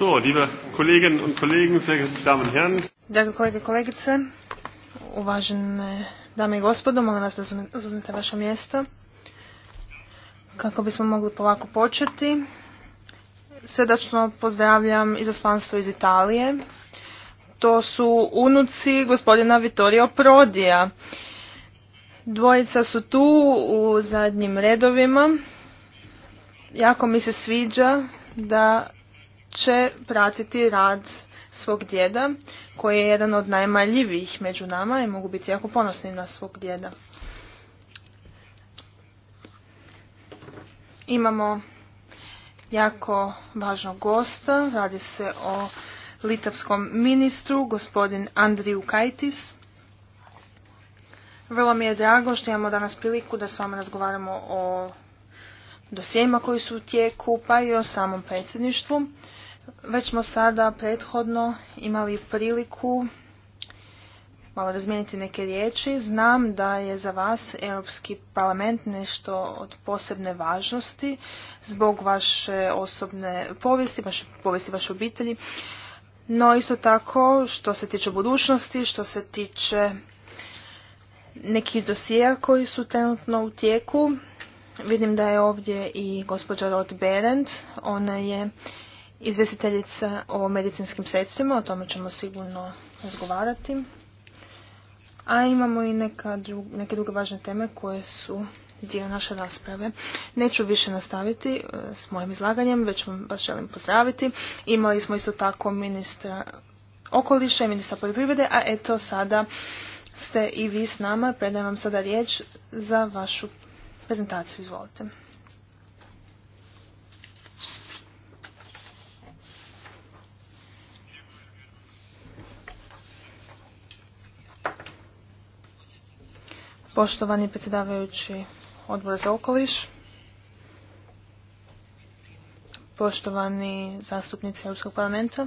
So, liebe Kolleginnen und Kollegen, sehr geehrte Damen und Herren. Drage kolege i kolegice, uvažene dame i gospodo, molim vas da uzmete vaša mjesta. Kako bismo mogli polako početi, srdačno pozdravljam izaslanstvo iz Italije. To su unuci gospodina Vittorio Prodija. Dvojica su tu u zadnjim redovima. Jako mi se sviđa da će pratiti rad svog djeda koji je jedan od najmaljivijih među nama i mogu biti jako ponosni na svog djeda. Imamo jako važnog gosta, radi se o litavskom ministru, gospodin Andriju Kajtis. Vrlo mi je drago što imamo danas priliku da s vama razgovaramo o dosijema koji su u tijeku, pa i o samom predsjedništvu. Već smo sada prethodno imali priliku malo razmijeniti neke riječi. Znam da je za vas Europski parlament nešto od posebne važnosti zbog vaše osobne povijesti, vaše povijesti vaše obitelji. No isto tako što se tiče budućnosti, što se tiče nekih dosija koji su trenutno u tijeku. Vidim da je ovdje i gospođa Roth Berend. Ona je izvjestiteljica o medicinskim sredstvima, o tome ćemo sigurno razgovarati. A imamo i neka neke druge važne teme koje su dio naše rasprave. Neću više nastaviti e, s mojim izlaganjem, već vam vas želim pozdraviti. Imali smo isto tako ministra okoliša i ministra poljoprivrede, a eto sada ste i vi s nama. Predajem vam sada riječ za vašu prezentaciju. Izvolite. Poštovani predsjedavajući odbora za okoliš, poštovani zastupnici Europskog parlamenta,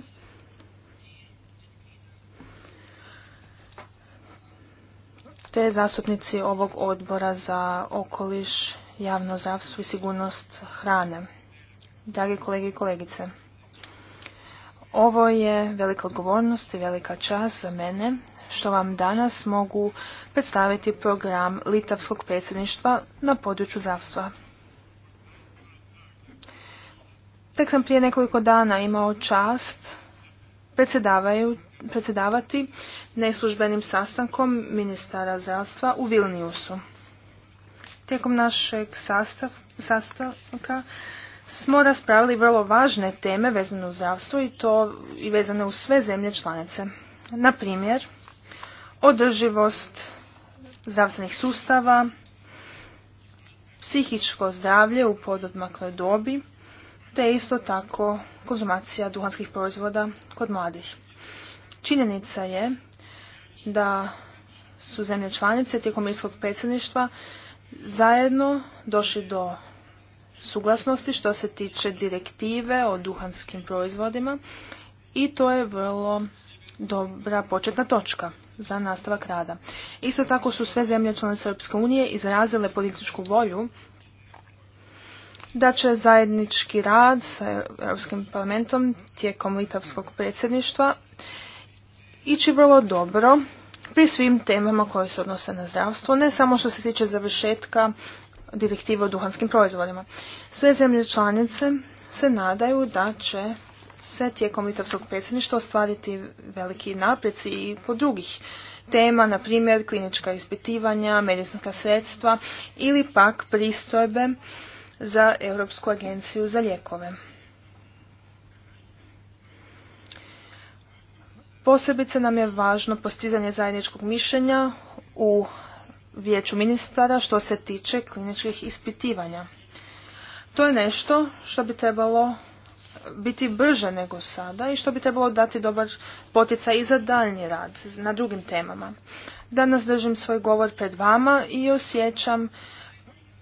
te zastupnici ovog odbora za okoliš, javno zdravstvo i sigurnost hrane. Dragi kolege i kolegice, ovo je velika odgovornost i velika čast za mene što vam danas mogu predstaviti program Litavskog predsjedništva na području zdravstva. Tek sam prije nekoliko dana imao čast predsjedavati neslužbenim sastankom ministara zdravstva u Vilniusu. Tijekom našeg sastav, sastanka smo raspravili vrlo važne teme vezane uz zdravstvo i to i vezane u sve zemlje članice. Na primjer, održivost zdravstvenih sustava, psihičko zdravlje u pododmakloj dobi, te isto tako konzumacija duhanskih proizvoda kod mladih. Činjenica je da su zemlje članice tijekom irskog predsjedništva zajedno došli do suglasnosti što se tiče direktive o duhanskim proizvodima i to je vrlo dobra početna točka za nastavak rada. Isto tako su sve zemlje članice Europske unije izrazile političku volju da će zajednički rad sa Europskim parlamentom tijekom litavskog predsjedništva ići vrlo dobro pri svim temama koje se odnose na zdravstvo, ne samo što se tiče završetka direktive o duhanskim proizvodima. Sve zemlje članice se nadaju da će se tijekom litavskog predsjedništva ostvariti veliki napreci i po drugih tema, na primjer klinička ispitivanja, medicinska sredstva ili pak pristojbe za Europsku agenciju za lijekove. Posebice nam je važno postizanje zajedničkog mišljenja u vijeću ministara što se tiče kliničkih ispitivanja. To je nešto što bi trebalo biti brže nego sada i što bi trebalo dati dobar poticaj i za daljnji rad na drugim temama. Danas držim svoj govor pred vama i osjećam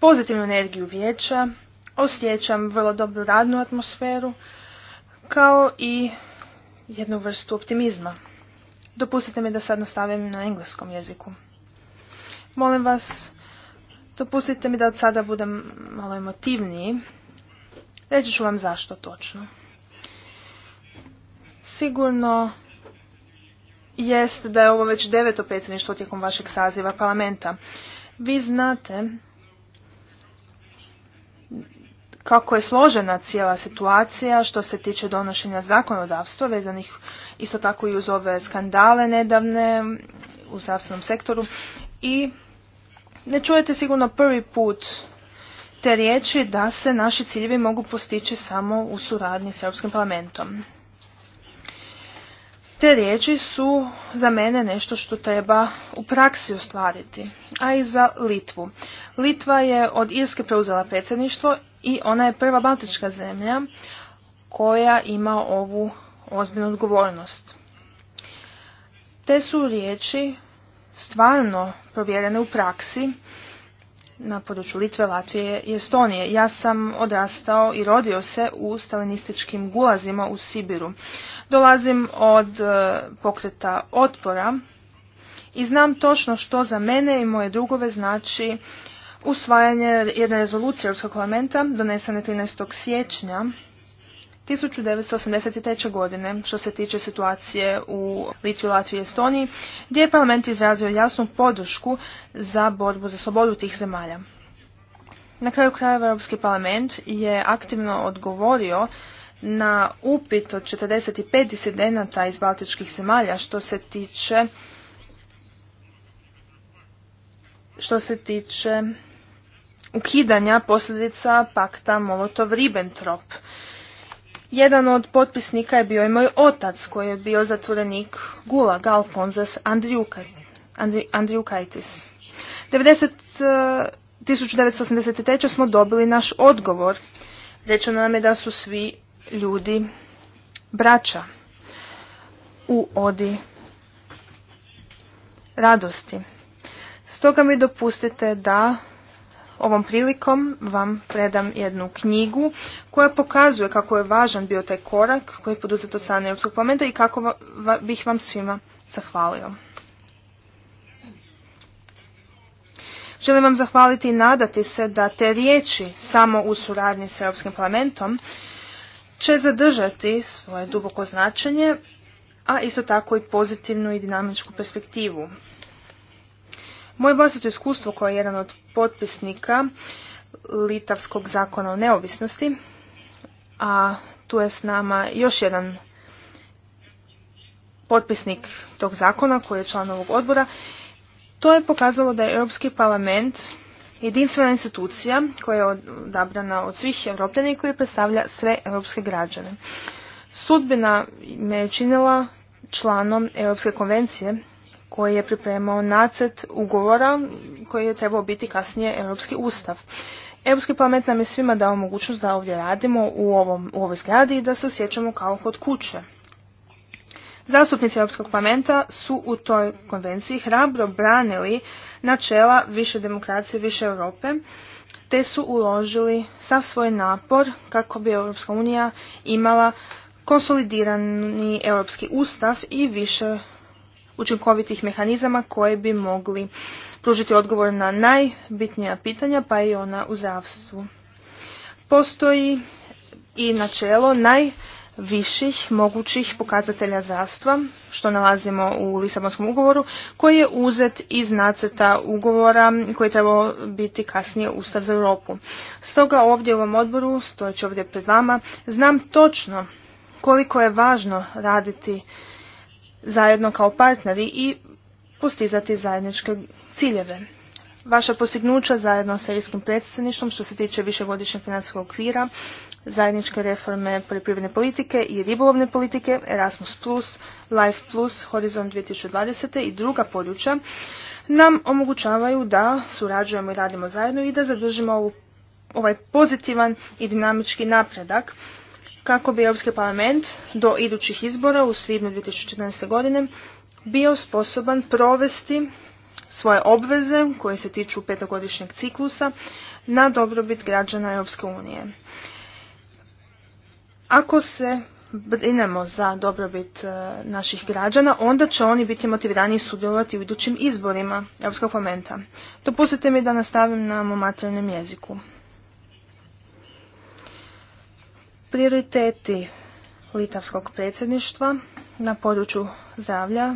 pozitivnu energiju vijeća, osjećam vrlo dobru radnu atmosferu, kao i jednu vrstu optimizma. Dopustite mi da sad nastavim na engleskom jeziku. Molim vas, dopustite mi da od sada budem malo emotivniji, Reći ću vam zašto točno. Sigurno jest da je ovo već deveto predsjedništvo tijekom vašeg saziva parlamenta. Vi znate kako je složena cijela situacija što se tiče donošenja zakonodavstva vezanih isto tako i uz ove skandale nedavne u zdravstvenom sektoru i ne čujete sigurno prvi put te riječi da se naši ciljevi mogu postići samo u suradnji s Europskim parlamentom. Te riječi su za mene nešto što treba u praksi ostvariti, a i za Litvu. Litva je od Irske preuzela predsjedništvo i ona je prva baltička zemlja koja ima ovu ozbiljnu odgovornost. Te su riječi stvarno provjerene u praksi na području Litve, Latvije i Estonije. Ja sam odrastao i rodio se u stalinističkim gulazima u Sibiru. Dolazim od e, pokreta otpora i znam točno što za mene i moje drugove znači usvajanje jedne rezolucije Europskog parlamenta donesene 13. siječnja 1983. godine što se tiče situacije u Litvi, Latviji i Estoniji gdje je parlament izrazio jasnu podršku za borbu za slobodu tih zemalja. Na kraju krajeva Europski parlament je aktivno odgovorio na upit od 45 disidenata iz baltičkih zemalja što se tiče što se tiče ukidanja posljedica pakta Molotov-Ribbentrop jedan od potpisnika je bio i moj otac koji je bio zatvorenik Gulag Alfonzas Andriukaitis. 90, 1983. smo dobili naš odgovor. Rečeno nam je da su svi ljudi braća u odi radosti. Stoga mi dopustite da Ovom prilikom vam predam jednu knjigu koja pokazuje kako je važan bio taj korak koji je poduzet od strane Europskog parlamenta i kako bih vam svima zahvalio. Želim vam zahvaliti i nadati se da te riječi samo u suradnji s Europskim parlamentom će zadržati svoje duboko značenje, a isto tako i pozitivnu i dinamičku perspektivu. Moje vlastito iskustvo koje je jedan od potpisnika Litavskog zakona o neovisnosti, a tu je s nama još jedan potpisnik tog zakona koji je član ovog odbora, to je pokazalo da je Europski parlament jedinstvena institucija koja je odabrana od svih Evropljana i koja predstavlja sve europske građane. Sudbina me je činila članom Europske konvencije koji je pripremao nacrt ugovora koji je trebao biti kasnije Europski ustav. Europski parlament nam je svima dao mogućnost da ovdje radimo u, ovom, u ovoj zgradi i da se osjećamo kao kod kuće. Zastupnici Europskog parlamenta su u toj konvenciji hrabro branili načela više demokracije, više Europe, te su uložili sav svoj napor kako bi Europska unija imala konsolidirani europski ustav i više učinkovitih mehanizama koje bi mogli pružiti odgovor na najbitnija pitanja, pa i ona u zdravstvu. Postoji i načelo najviših mogućih pokazatelja zdravstva, što nalazimo u Lisabonskom ugovoru, koji je uzet iz nacrta ugovora koji je trebao biti kasnije Ustav za Europu. Stoga ovdje u ovom odboru, stojeći ovdje pred vama, znam točno koliko je važno raditi zajedno kao partneri i postizati zajedničke ciljeve. Vaša postignuća zajedno sa irskim predsjedništvom što se tiče višegodišnjeg financijskog okvira, zajedničke reforme poljoprivredne politike i ribolovne politike, Erasmus+, Life+, Horizon 2020. i druga područja nam omogućavaju da surađujemo i radimo zajedno i da zadržimo ovaj pozitivan i dinamički napredak kako bi Europski parlament do idućih izbora u svibnju 2014. godine bio sposoban provesti svoje obveze koje se tiču petogodišnjeg ciklusa na dobrobit građana Europske unije. Ako se brinemo za dobrobit e, naših građana, onda će oni biti motivirani sudjelovati u idućim izborima Europskog parlamenta. Dopustite mi da nastavim na mom jeziku. Prioriteti litavskog predsjedništva na području zdravlja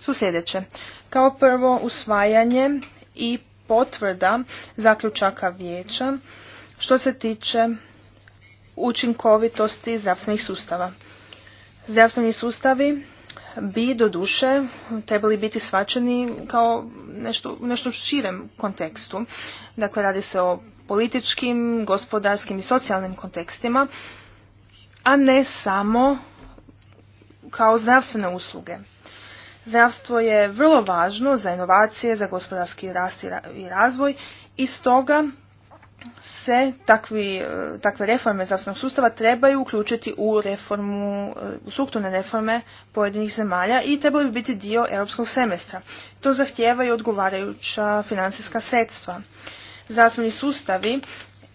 su sljedeće. Kao prvo usvajanje i potvrda zaključaka vijeća što se tiče učinkovitosti zdravstvenih sustava. Zdravstveni sustavi bi doduše trebali biti svačeni kao nešto, nešto širem kontekstu. Dakle, radi se o političkim, gospodarskim i socijalnim kontekstima, a ne samo kao zdravstvene usluge. Zdravstvo je vrlo važno za inovacije, za gospodarski rast i razvoj i stoga se takvi, e, takve reforme zdravstvenog sustava trebaju uključiti u reformu, e, u strukturne reforme pojedinih zemalja i trebaju biti dio europskog semestra. To zahtijevaju odgovarajuća financijska sredstva zdravstveni sustavi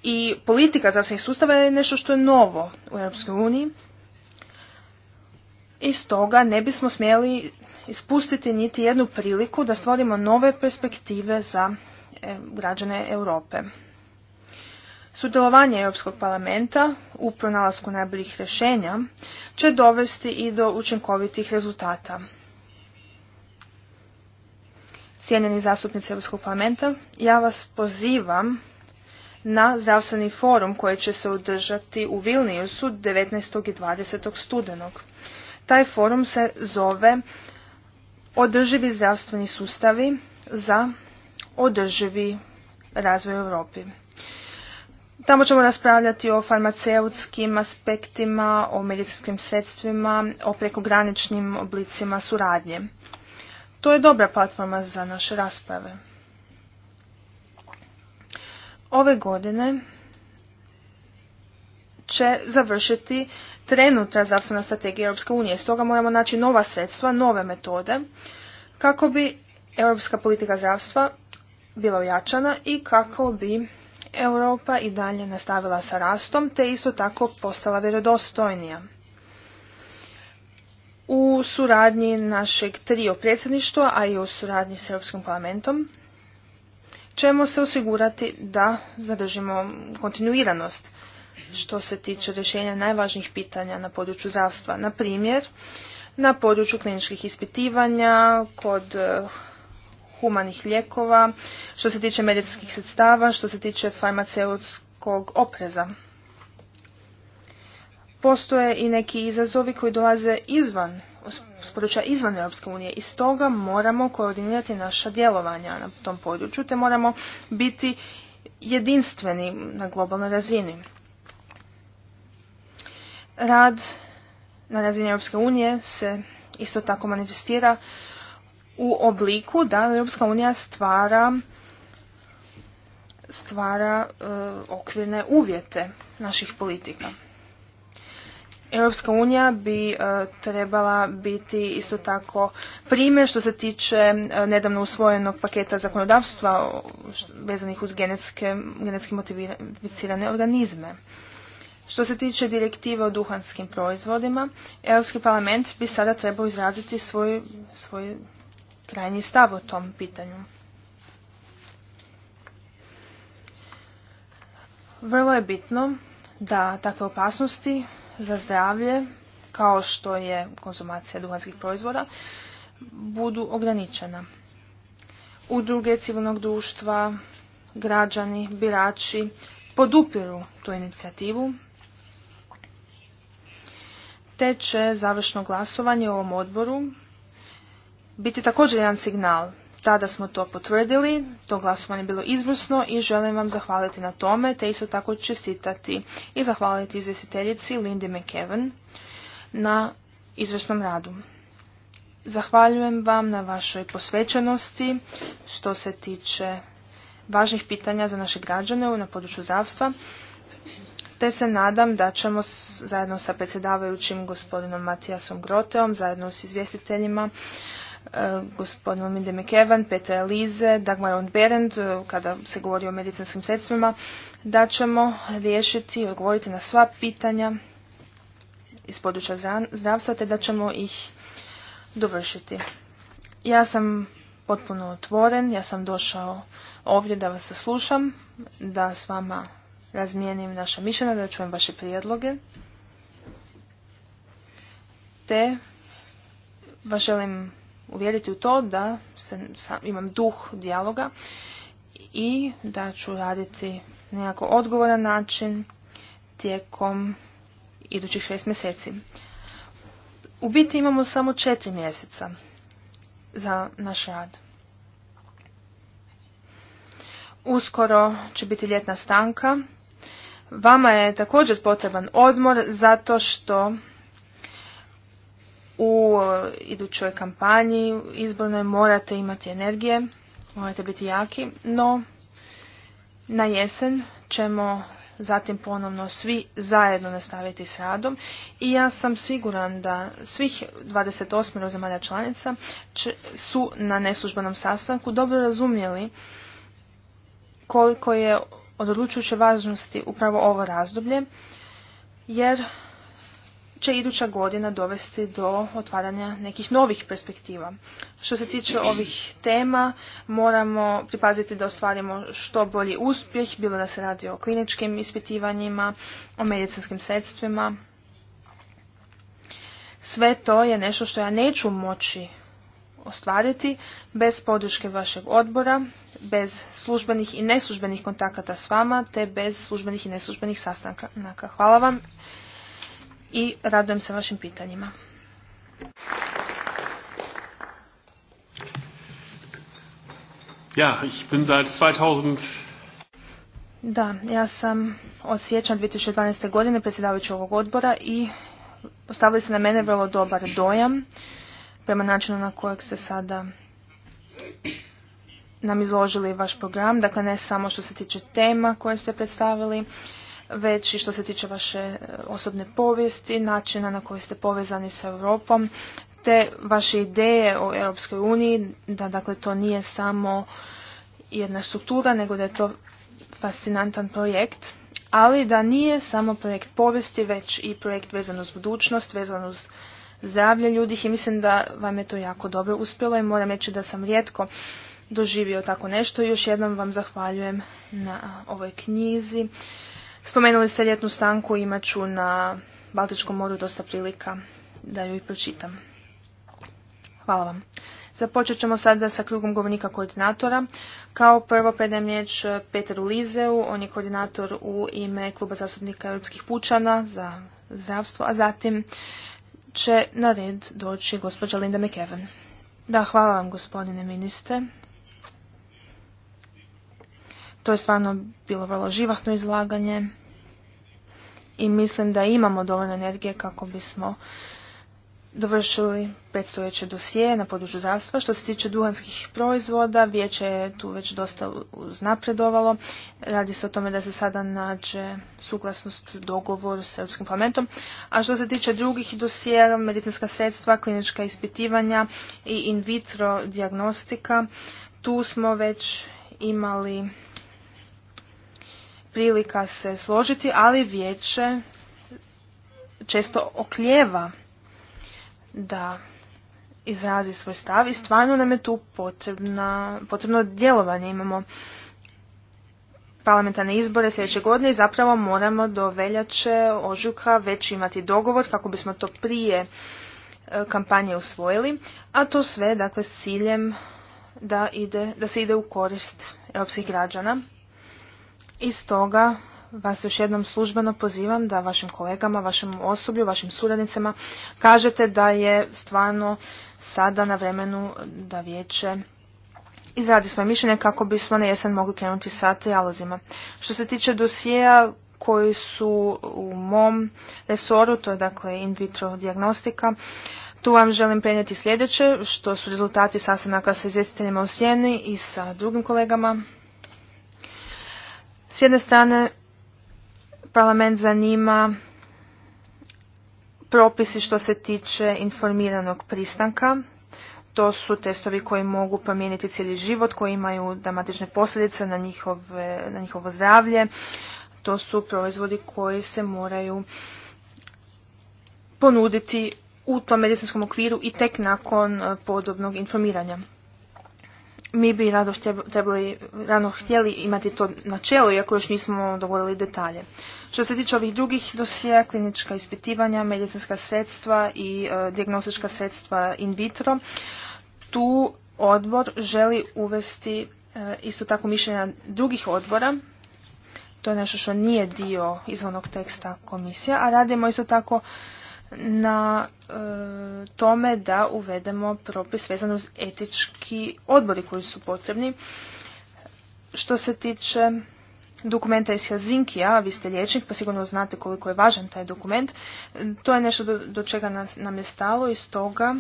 i politika zdravstvenih sustava je nešto što je novo u Europskoj uniji i stoga ne bismo smjeli ispustiti niti jednu priliku da stvorimo nove perspektive za e, građane Europe. Sudjelovanje Europskog parlamenta u pronalasku najboljih rješenja će dovesti i do učinkovitih rezultata cijenjeni zastupnici Europskog parlamenta, ja vas pozivam na zdravstveni forum koji će se održati u Vilniusu 19. i 20. studenog. Taj forum se zove Održivi zdravstveni sustavi za održivi razvoj Europi. Tamo ćemo raspravljati o farmaceutskim aspektima, o medicinskim sredstvima, o prekograničnim oblicima suradnje. To je dobra platforma za naše rasprave. Ove godine će završiti trenutna zdravstvena strategija Europske unije. Stoga moramo naći nova sredstva, nove metode kako bi europska politika zdravstva bila ojačana i kako bi Europa i dalje nastavila sa rastom te isto tako postala vjerodostojnija u suradnji našeg trio predsjedništva, a i u suradnji s Europskim parlamentom, ćemo se osigurati da zadržimo kontinuiranost što se tiče rješenja najvažnijih pitanja na području zdravstva. Na primjer, na području kliničkih ispitivanja, kod eh, humanih lijekova, što se tiče medicinskih sredstava, što se tiče farmaceutskog opreza postoje i neki izazovi koji dolaze izvan, s područja izvan Europske unije i stoga moramo koordinirati naša djelovanja na tom području te moramo biti jedinstveni na globalnoj razini. Rad na razini Europske unije se isto tako manifestira u obliku da Europska unija stvara stvara e, okvirne uvjete naših politika. Europska unija bi e, trebala biti isto tako primjer što se tiče e, nedavno usvojenog paketa zakonodavstva vezanih uz genetske, genetski modificirane organizme. Što se tiče direktive o duhanskim proizvodima, Europski parlament bi sada trebao izraziti svoj, svoj krajnji stav o tom pitanju. Vrlo je bitno da takve opasnosti za zdravlje, kao što je konzumacija duhanskih proizvoda, budu ograničena. Udruge civilnog društva, građani, birači podupiru tu inicijativu, te će završno glasovanje u ovom odboru biti također jedan signal tada smo to potvrdili, to glasovanje je bilo izvrsno i želim vam zahvaliti na tome, te isto tako čestitati i zahvaliti izvjestiteljici Lindy McKeven na izvrsnom radu. Zahvaljujem vam na vašoj posvećenosti što se tiče važnih pitanja za naše građane na području zdravstva, te se nadam da ćemo zajedno sa predsjedavajućim gospodinom Matijasom Groteom, zajedno s izvjestiteljima, Eh, gospodin Minde McEvan, Petra Elize, Dagmaron Berend, eh, kada se govori o medicinskim sredstvima, da ćemo riješiti i odgovoriti na sva pitanja iz područja zdravstva, te da ćemo ih dovršiti. Ja sam potpuno otvoren, ja sam došao ovdje da vas saslušam, da s vama razmijenim naša mišljenja, da čujem vaše prijedloge, te vas želim uvjeriti u to da se, imam duh dijaloga i da ću raditi nekako odgovoran način tijekom idućih šest mjeseci. U biti imamo samo četiri mjeseca za naš rad. Uskoro će biti ljetna stanka. Vama je također potreban odmor zato što u e, idućoj kampanji izbornoj morate imati energije, morate biti jaki, no na jesen ćemo zatim ponovno svi zajedno nastaviti s radom i ja sam siguran da svih 28 zemalja članica su na neslužbenom sastanku dobro razumjeli koliko je od odlučujuće važnosti upravo ovo razdoblje jer će iduća godina dovesti do otvaranja nekih novih perspektiva. Što se tiče ovih tema, moramo pripaziti da ostvarimo što bolji uspjeh, bilo da se radi o kliničkim ispitivanjima, o medicinskim sredstvima. Sve to je nešto što ja neću moći ostvariti bez podrške vašeg odbora, bez službenih i neslužbenih kontakata s vama, te bez službenih i neslužbenih sastanaka. Hvala vam i radujem se vašim pitanjima. Ja, ich bin seit 2000... Da, ja sam od siječnja 2012. godine predsjedavajući ovog odbora i postavili se na mene vrlo dobar dojam prema načinu na kojeg ste sada nam izložili vaš program. Dakle, ne samo što se tiče tema koje ste predstavili, već i što se tiče vaše e, osobne povijesti, načina na koji ste povezani sa Europom, te vaše ideje o Europskoj uniji, da dakle to nije samo jedna struktura, nego da je to fascinantan projekt, ali da nije samo projekt povijesti, već i projekt vezan uz budućnost, vezan uz zdravlje ljudi i mislim da vam je to jako dobro uspjelo i moram reći da sam rijetko doživio tako nešto i još jednom vam zahvaljujem na ovoj knjizi Spomenuli ste ljetnu stanku, imat ću na Baltičkom moru dosta prilika da ju i pročitam. Hvala vam. Započet ćemo sada sa krugom govornika koordinatora. Kao prvo predajem riječ e, Peteru Lizeu, on je koordinator u ime Kluba zastupnika Europskih pučana za zdravstvo, a zatim će na red doći gospođa Linda McEwen. Da, hvala vam gospodine ministre to je stvarno bilo vrlo živahno izlaganje i mislim da imamo dovoljno energije kako bismo dovršili predstojeće dosije na području zdravstva. Što se tiče duhanskih proizvoda, vijeće je tu već dosta uznapredovalo. Radi se o tome da se sada nađe suglasnost, dogovor s Europskim parlamentom. A što se tiče drugih dosijera, medicinska sredstva, klinička ispitivanja i in vitro diagnostika, tu smo već imali prilika se složiti, ali vijeće često okljeva da izrazi svoj stav i stvarno nam je tu potrebna, potrebno djelovanje. Imamo parlamentarne izbore sljedeće godine i zapravo moramo do veljače ožuka već imati dogovor kako bismo to prije e, kampanje usvojili, a to sve dakle s ciljem da, ide, da se ide u korist europskih građana i stoga vas još jednom službeno pozivam da vašim kolegama, vašem osoblju, vašim suradnicama kažete da je stvarno sada na vremenu da vijeće izradi svoje mišljenje kako bismo na jesen mogli krenuti sa trijalozima. Što se tiče dosijeja koji su u mom resoru, to je dakle in vitro diagnostika, tu vam želim prenijeti sljedeće, što su rezultati sastanaka sa izvjestiteljima u Sjeni i sa drugim kolegama. S jedne strane parlament zanima propisi što se tiče informiranog pristanka. To su testovi koji mogu promijeniti cijeli život, koji imaju dramatične posljedice na, na njihovo zdravlje. To su proizvodi koji se moraju ponuditi u tom medicinskom okviru i tek nakon eh, podobnog informiranja mi bi rado trebali, rano htjeli imati to načelo, iako još nismo dogovorili detalje. Što se tiče ovih drugih dosija, klinička ispitivanja, medicinska sredstva i e, dijagnostička sredstva in vitro, tu odbor želi uvesti e, isto tako mišljenja drugih odbora, to je nešto što nije dio izvanog teksta komisija, a radimo isto tako na e, tome da uvedemo propis vezano uz etički odbori koji su potrebni. Što se tiče dokumenta iz Helsinkija, vi ste liječnik pa sigurno znate koliko je važan taj dokument, to je nešto do, čega nas, nam je stalo i stoga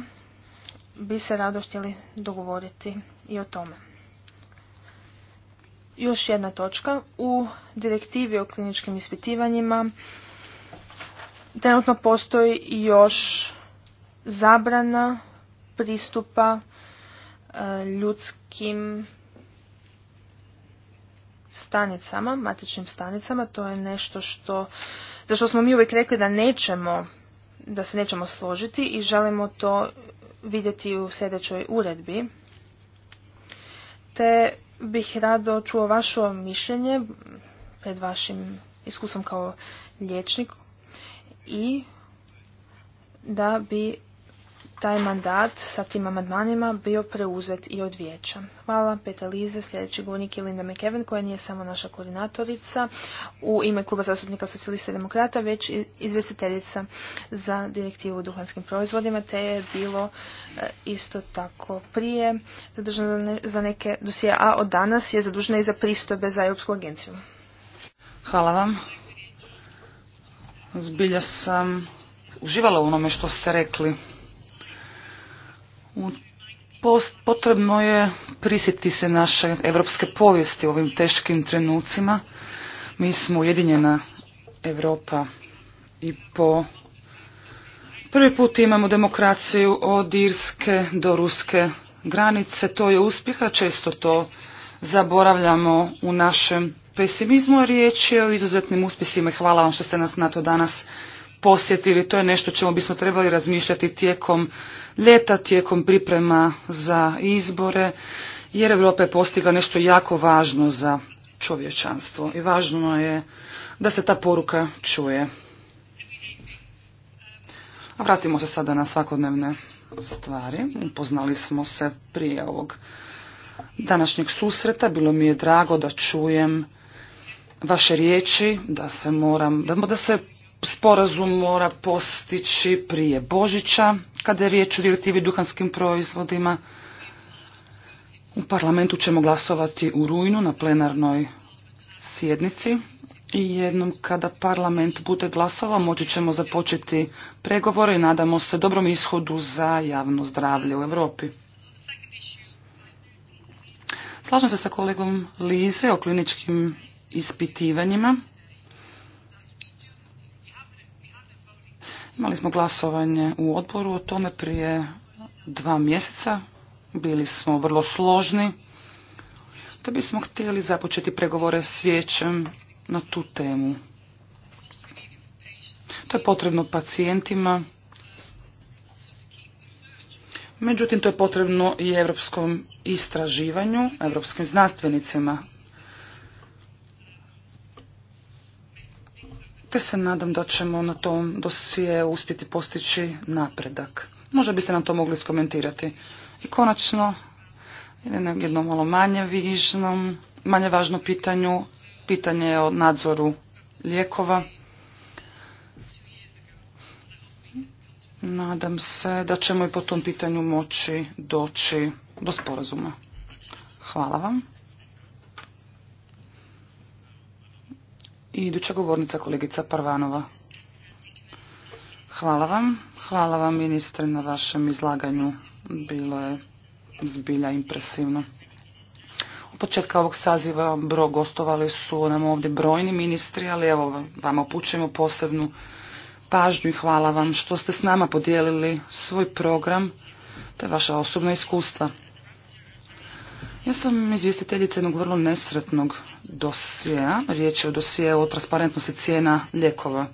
bi se rado htjeli dogovoriti i o tome. Još jedna točka. U direktivi o kliničkim ispitivanjima trenutno postoji još zabrana pristupa e, ljudskim stanicama, matičnim stanicama, to je nešto što, za što smo mi uvijek rekli da nećemo, da se nećemo složiti i želimo to vidjeti u sljedećoj uredbi. Te bih rado čuo vaše mišljenje pred vašim iskustvom kao liječnik i da bi taj mandat sa tim amandmanima bio preuzet i od vijeća. Hvala Petra Lize, sljedeći govornik je Linda McEwen, koja nije samo naša koordinatorica u ime Kluba zastupnika socijalista i demokrata već izvjestiteljica za direktivu o duhanskim proizvodima te je bilo e, isto tako prije zadržana za neke dosije, a od danas je zadužena i za pristojbe za Europsku agenciju. Hvala vam. Zbilja sam uživala u onome što ste rekli. potrebno je prisjetiti se naše evropske povijesti u ovim teškim trenucima. Mi smo ujedinjena Europa i po prvi put imamo demokraciju od Irske do Ruske granice. To je uspjeh, često to zaboravljamo u našem pesimizmu, riječ je o izuzetnim uspjesima i hvala vam što ste nas na to danas posjetili. To je nešto čemu bismo trebali razmišljati tijekom ljeta, tijekom priprema za izbore, jer Europa je postigla nešto jako važno za čovječanstvo i važno je da se ta poruka čuje. A vratimo se sada na svakodnevne stvari. Upoznali smo se prije ovog današnjeg susreta. Bilo mi je drago da čujem vaše riječi da se, moram, da, da se sporazum mora postići prije Božića, kada je riječ o direktivi duhanskim proizvodima. U parlamentu ćemo glasovati u rujnu na plenarnoj sjednici i jednom kada parlament bude glasova moći ćemo započeti pregovore i nadamo se dobrom ishodu za javno zdravlje u Europi. Slažem se sa kolegom Lize o kliničkim ispitivanjima. Imali smo glasovanje u odboru o tome prije dva mjeseca. Bili smo vrlo složni. Da bismo htjeli započeti pregovore s vijećem na tu temu. To je potrebno pacijentima. Međutim, to je potrebno i europskom istraživanju, europskim znanstvenicima. te se nadam da ćemo na tom dosije uspjeti postići napredak. Možda biste nam to mogli skomentirati. I konačno, jedno malo manje vižnom, manje važno pitanju, pitanje o nadzoru lijekova. Nadam se da ćemo i po tom pitanju moći doći do sporazuma. Hvala vam. I iduća govornica kolegica Parvanova. Hvala vam. Hvala vam ministre na vašem izlaganju. Bilo je zbilja impresivno. U početka ovog saziva bro gostovali su nam ovdje brojni ministri, ali evo vam opućujemo posebnu pažnju i hvala vam što ste s nama podijelili svoj program te vaša osobna iskustva. Ja sam izvjestiteljica jednog vrlo nesretnog dosjea. Riječ je o dosjeu o transparentnosti cijena lijekova.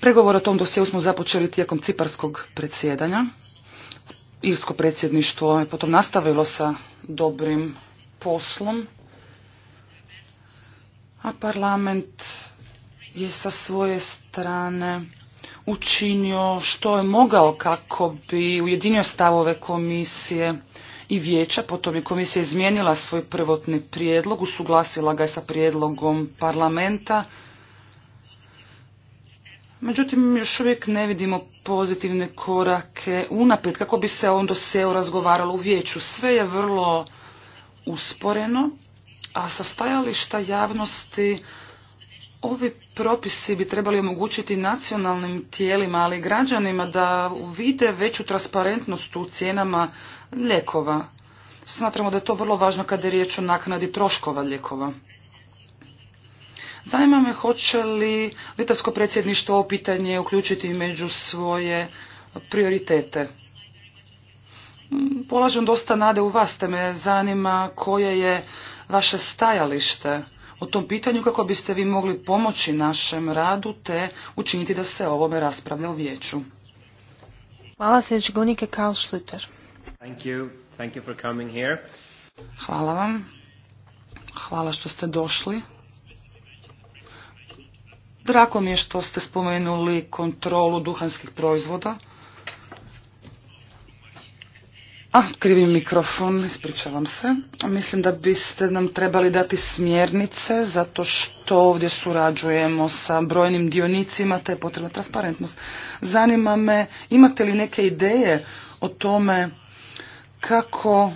Pregovor o tom dosjeu smo započeli tijekom ciparskog predsjedanja. Irsko predsjedništvo je potom nastavilo sa dobrim poslom, a parlament je sa svoje strane učinio što je mogao kako bi ujedinio stavove komisije i vijeća, potom je komisija izmijenila svoj prvotni prijedlog, usuglasila ga je sa prijedlogom parlamenta. Međutim, još uvijek ne vidimo pozitivne korake unaprijed kako bi se on doseo razgovaralo u vijeću. Sve je vrlo usporeno, a sa stajališta javnosti Ovi propisi bi trebali omogućiti nacionalnim tijelima, ali i građanima da vide veću transparentnost u cijenama lijekova. Smatramo da je to vrlo važno kada je riječ o naknadi troškova lijekova. Zanima me hoće li litavsko predsjedništvo ovo pitanje uključiti među svoje prioritete. Polažem dosta nade u vas, te me zanima koje je vaše stajalište o tom pitanju kako biste vi mogli pomoći našem radu te učiniti da se o ovome raspravlja u vijeću. Hvala sljedeći govornik je Karl Hvala vam. Hvala što ste došli. Drago mi je što ste spomenuli kontrolu duhanskih proizvoda. A, krivi mikrofon, ispričavam se. Mislim da biste nam trebali dati smjernice, zato što ovdje surađujemo sa brojnim dionicima, te je potrebna transparentnost. Zanima me, imate li neke ideje o tome kako,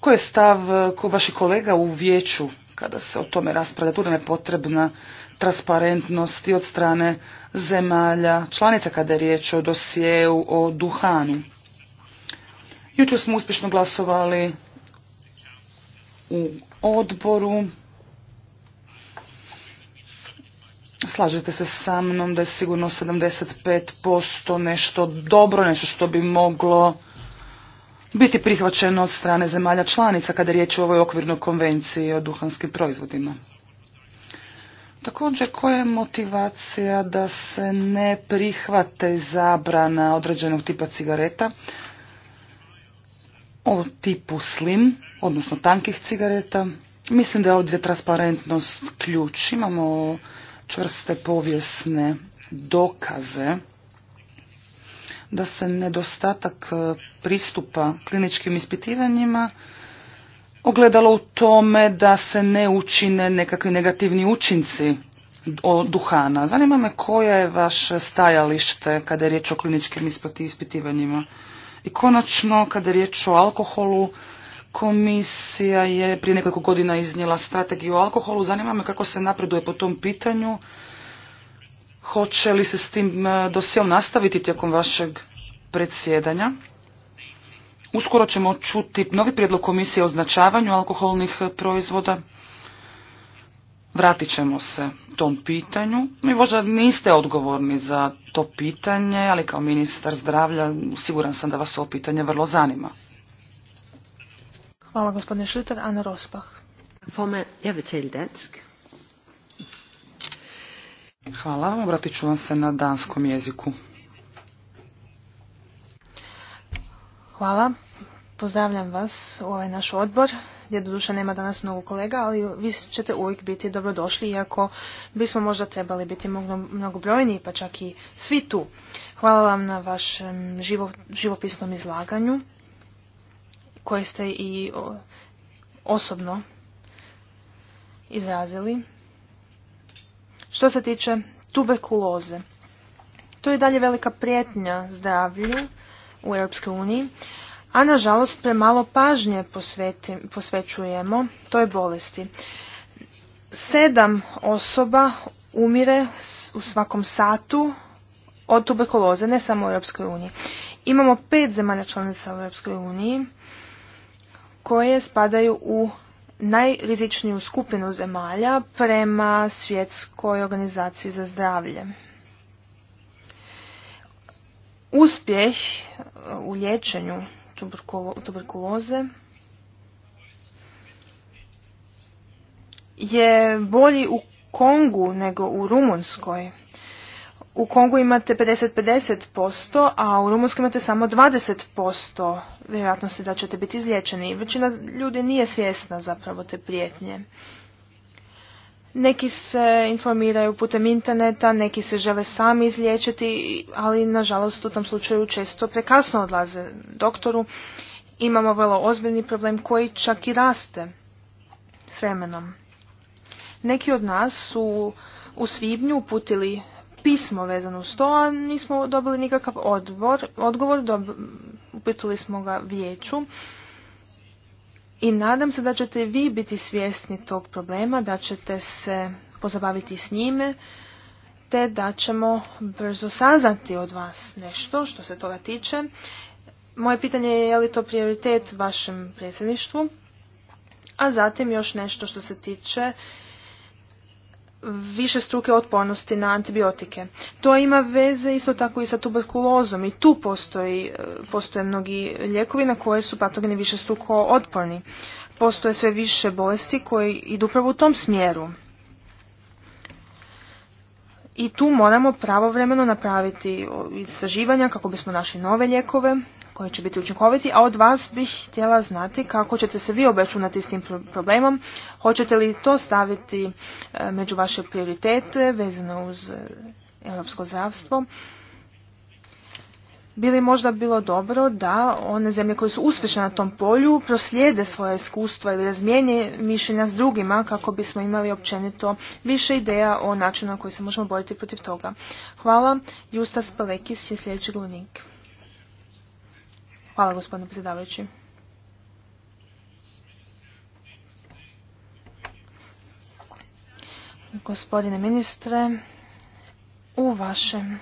koji je stav ko vaših kolega u vijeću kada se o tome raspravlja, tu nam je potrebna transparentnost i od strane zemalja, članica kada je riječ o dosjeu, o duhanu. Jučer smo uspješno glasovali u odboru. Slažete se sa mnom da je sigurno 75% nešto dobro, nešto što bi moglo biti prihvaćeno od strane zemalja članica kada je riječ o ovoj okvirnoj konvenciji o duhanskim proizvodima. Također, koja je motivacija da se ne prihvate zabrana određenog tipa cigareta, o tipu slim, odnosno tankih cigareta. Mislim da je ovdje transparentnost ključ. Imamo čvrste povijesne dokaze da se nedostatak e, pristupa kliničkim ispitivanjima ogledalo u tome da se ne učine nekakvi negativni učinci duhana. Zanima me koje je vaše stajalište kada je riječ o kliničkim ispitivanjima? I konačno, kada je riječ o alkoholu, komisija je prije nekoliko godina iznijela strategiju o alkoholu. Zanima me kako se napreduje po tom pitanju. Hoće li se s tim e, dosijom nastaviti tijekom vašeg predsjedanja? Uskoro ćemo čuti novi prijedlog komisije o označavanju alkoholnih proizvoda. Vratit ćemo se tom pitanju. Mi možda niste odgovorni za to pitanje, ali kao ministar zdravlja siguran sam da vas ovo pitanje vrlo zanima. Hvala gospodine Šliter. Ana Rospah. Hvala. Vratit ću vam se na danskom jeziku. Hvala. Pozdravljam vas u ovaj naš odbor gdje doduše nema danas mnogo kolega, ali vi ćete uvijek biti dobrodošli, iako bismo možda trebali biti mnogo, brojni, pa čak i svi tu. Hvala vam na vašem živopisnom izlaganju, koje ste i osobno izrazili. Što se tiče tuberkuloze, to je dalje velika prijetnja zdravlju u Europskoj uniji a nažalost premalo pažnje posvećujemo toj bolesti. Sedam osoba umire u svakom satu od tuberkuloze, ne samo u Europskoj uniji. Imamo pet zemalja članica u Europskoj uniji koje spadaju u najrizičniju skupinu zemalja prema svjetskoj organizaciji za zdravlje. Uspjeh u liječenju tuberkuloze je bolji u Kongu nego u Rumunskoj. U Kongu imate 50-50%, a u Rumunskoj imate samo 20% vjerojatnosti da ćete biti izlječeni. Većina ljudi nije svjesna zapravo te prijetnje. Neki se informiraju putem interneta, neki se žele sami izliječiti, ali nažalost u tom slučaju često prekasno odlaze doktoru. Imamo vrlo ozbiljni problem koji čak i raste s vremenom. Neki od nas su u svibnju uputili pismo vezano uz to, a nismo dobili nikakav odvor, odgovor, dob, upituli smo ga vijeću i nadam se da ćete vi biti svjesni tog problema, da ćete se pozabaviti s njime, te da ćemo brzo saznati od vas nešto što se toga tiče. Moje pitanje je je li to prioritet vašem predsjedništvu, a zatim još nešto što se tiče više struke otpornosti na antibiotike. To ima veze isto tako i sa tuberkulozom i tu postoji, e, postoje mnogi lijekovi na koje su patogeni više struko otporni. Postoje sve više bolesti koje idu upravo u tom smjeru. I tu moramo pravovremeno napraviti istraživanja kako bismo našli nove lijekove, koji će biti učinkoviti, a od vas bih htjela znati kako ćete se vi obračunati s tim problemom, hoćete li to staviti e, među vaše prioritete vezano uz e, europsko zdravstvo. Bi li možda bilo dobro da one zemlje koje su uspješne na tom polju proslijede svoje iskustva ili razmijenje mišljenja s drugima kako bismo imali općenito više ideja o načinu na koji se možemo boriti protiv toga. Hvala. Justas Pelekis, je sljedeći govornik. Hvala gospodine predsjedavajući. Gospodine ministre, u vašem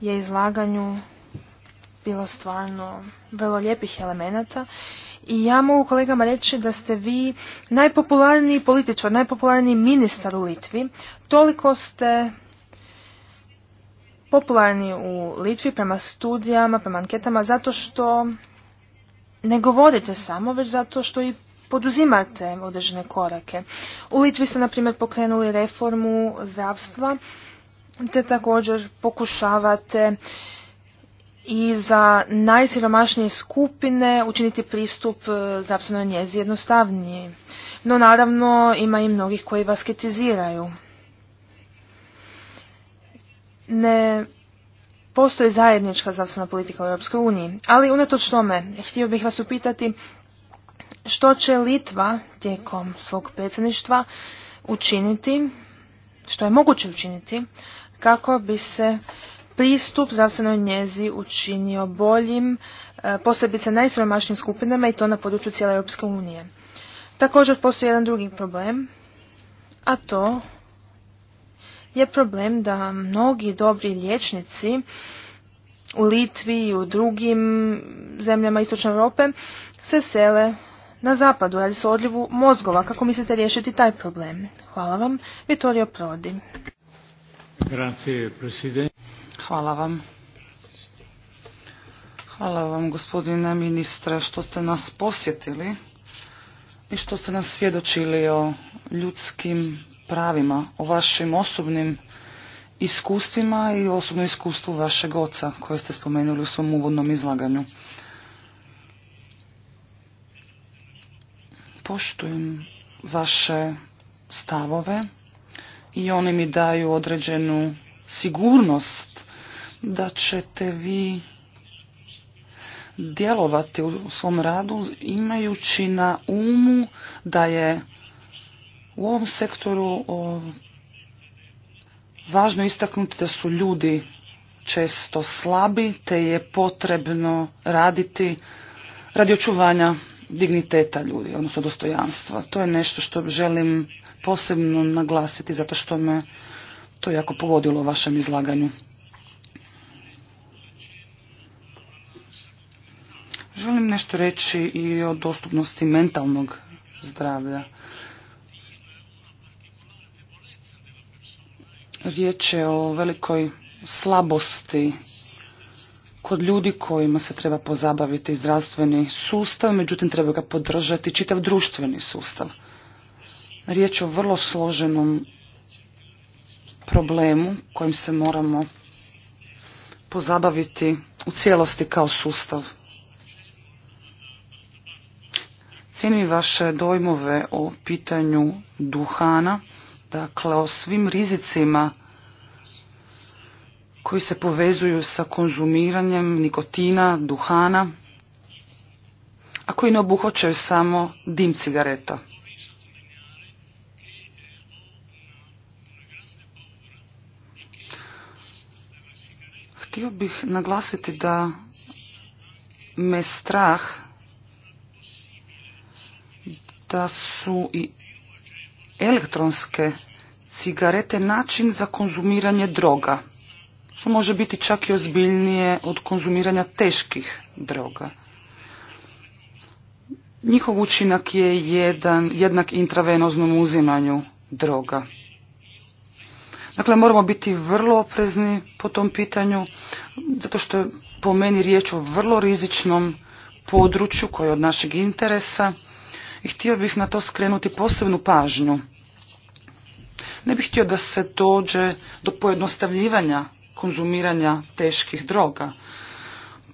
je izlaganju bilo stvarno vrlo lijepih elemenata i ja mogu kolegama reći da ste vi najpopularniji političar, najpopularniji ministar u Litvi. Toliko ste popularni u Litvi prema studijama, prema anketama, zato što ne govorite samo, već zato što i poduzimate određene korake. U Litvi ste, na primjer, pokrenuli reformu zdravstva, te također pokušavate i za najsiromašnije skupine učiniti pristup e, zdravstvenoj njezi jednostavniji. No naravno ima i mnogih koji vas kritiziraju ne postoji zajednička zdravstvena politika u Europskoj uniji. Ali unatoč tome, htio bih vas upitati što će Litva tijekom svog predsjedništva učiniti, što je moguće učiniti, kako bi se pristup zdravstvenoj njezi učinio boljim, e, posebice najsiromašnijim skupinama i to na području cijele Europske unije. Također postoji jedan drugi problem, a to je problem da mnogi dobri liječnici u Litvi i u drugim zemljama Istočne Europe se sele na zapadu, ali se odljivu mozgova. Kako mislite riješiti taj problem? Hvala vam. Vittorio Prodi. Hvala vam. Hvala vam gospodine ministre što ste nas posjetili i što ste nas svjedočili o ljudskim pravima, o vašim osobnim iskustvima i osobnom iskustvu vašeg oca koje ste spomenuli u svom uvodnom izlaganju. Poštujem vaše stavove i oni mi daju određenu sigurnost da ćete vi djelovati u svom radu imajući na umu da je u ovom sektoru važno je istaknuti da su ljudi često slabi, te je potrebno raditi radi očuvanja digniteta ljudi, odnosno dostojanstva. To je nešto što želim posebno naglasiti zato što me to jako pogodilo u vašem izlaganju. Želim nešto reći i o dostupnosti mentalnog zdravlja. Riječ je o velikoj slabosti kod ljudi kojima se treba pozabaviti zdravstveni sustav, međutim treba ga podržati čitav društveni sustav. Riječ je o vrlo složenom problemu kojim se moramo pozabaviti u cijelosti kao sustav. Cijenim vaše dojmove o pitanju duhana dakle o svim rizicima koji se povezuju sa konzumiranjem nikotina, duhana, a koji ne obuhvaćaju samo dim cigareta. Htio bih naglasiti da me strah da su i elektronske cigarete način za konzumiranje droga, što može biti čak i ozbiljnije od konzumiranja teških droga. Njihov učinak je jedan, jednak intravenoznom uzimanju droga. Dakle, moramo biti vrlo oprezni po tom pitanju, zato što je po meni riječ o vrlo rizičnom području koje je od našeg interesa i htio bih na to skrenuti posebnu pažnju. Ne bih htio da se dođe do pojednostavljivanja konzumiranja teških droga.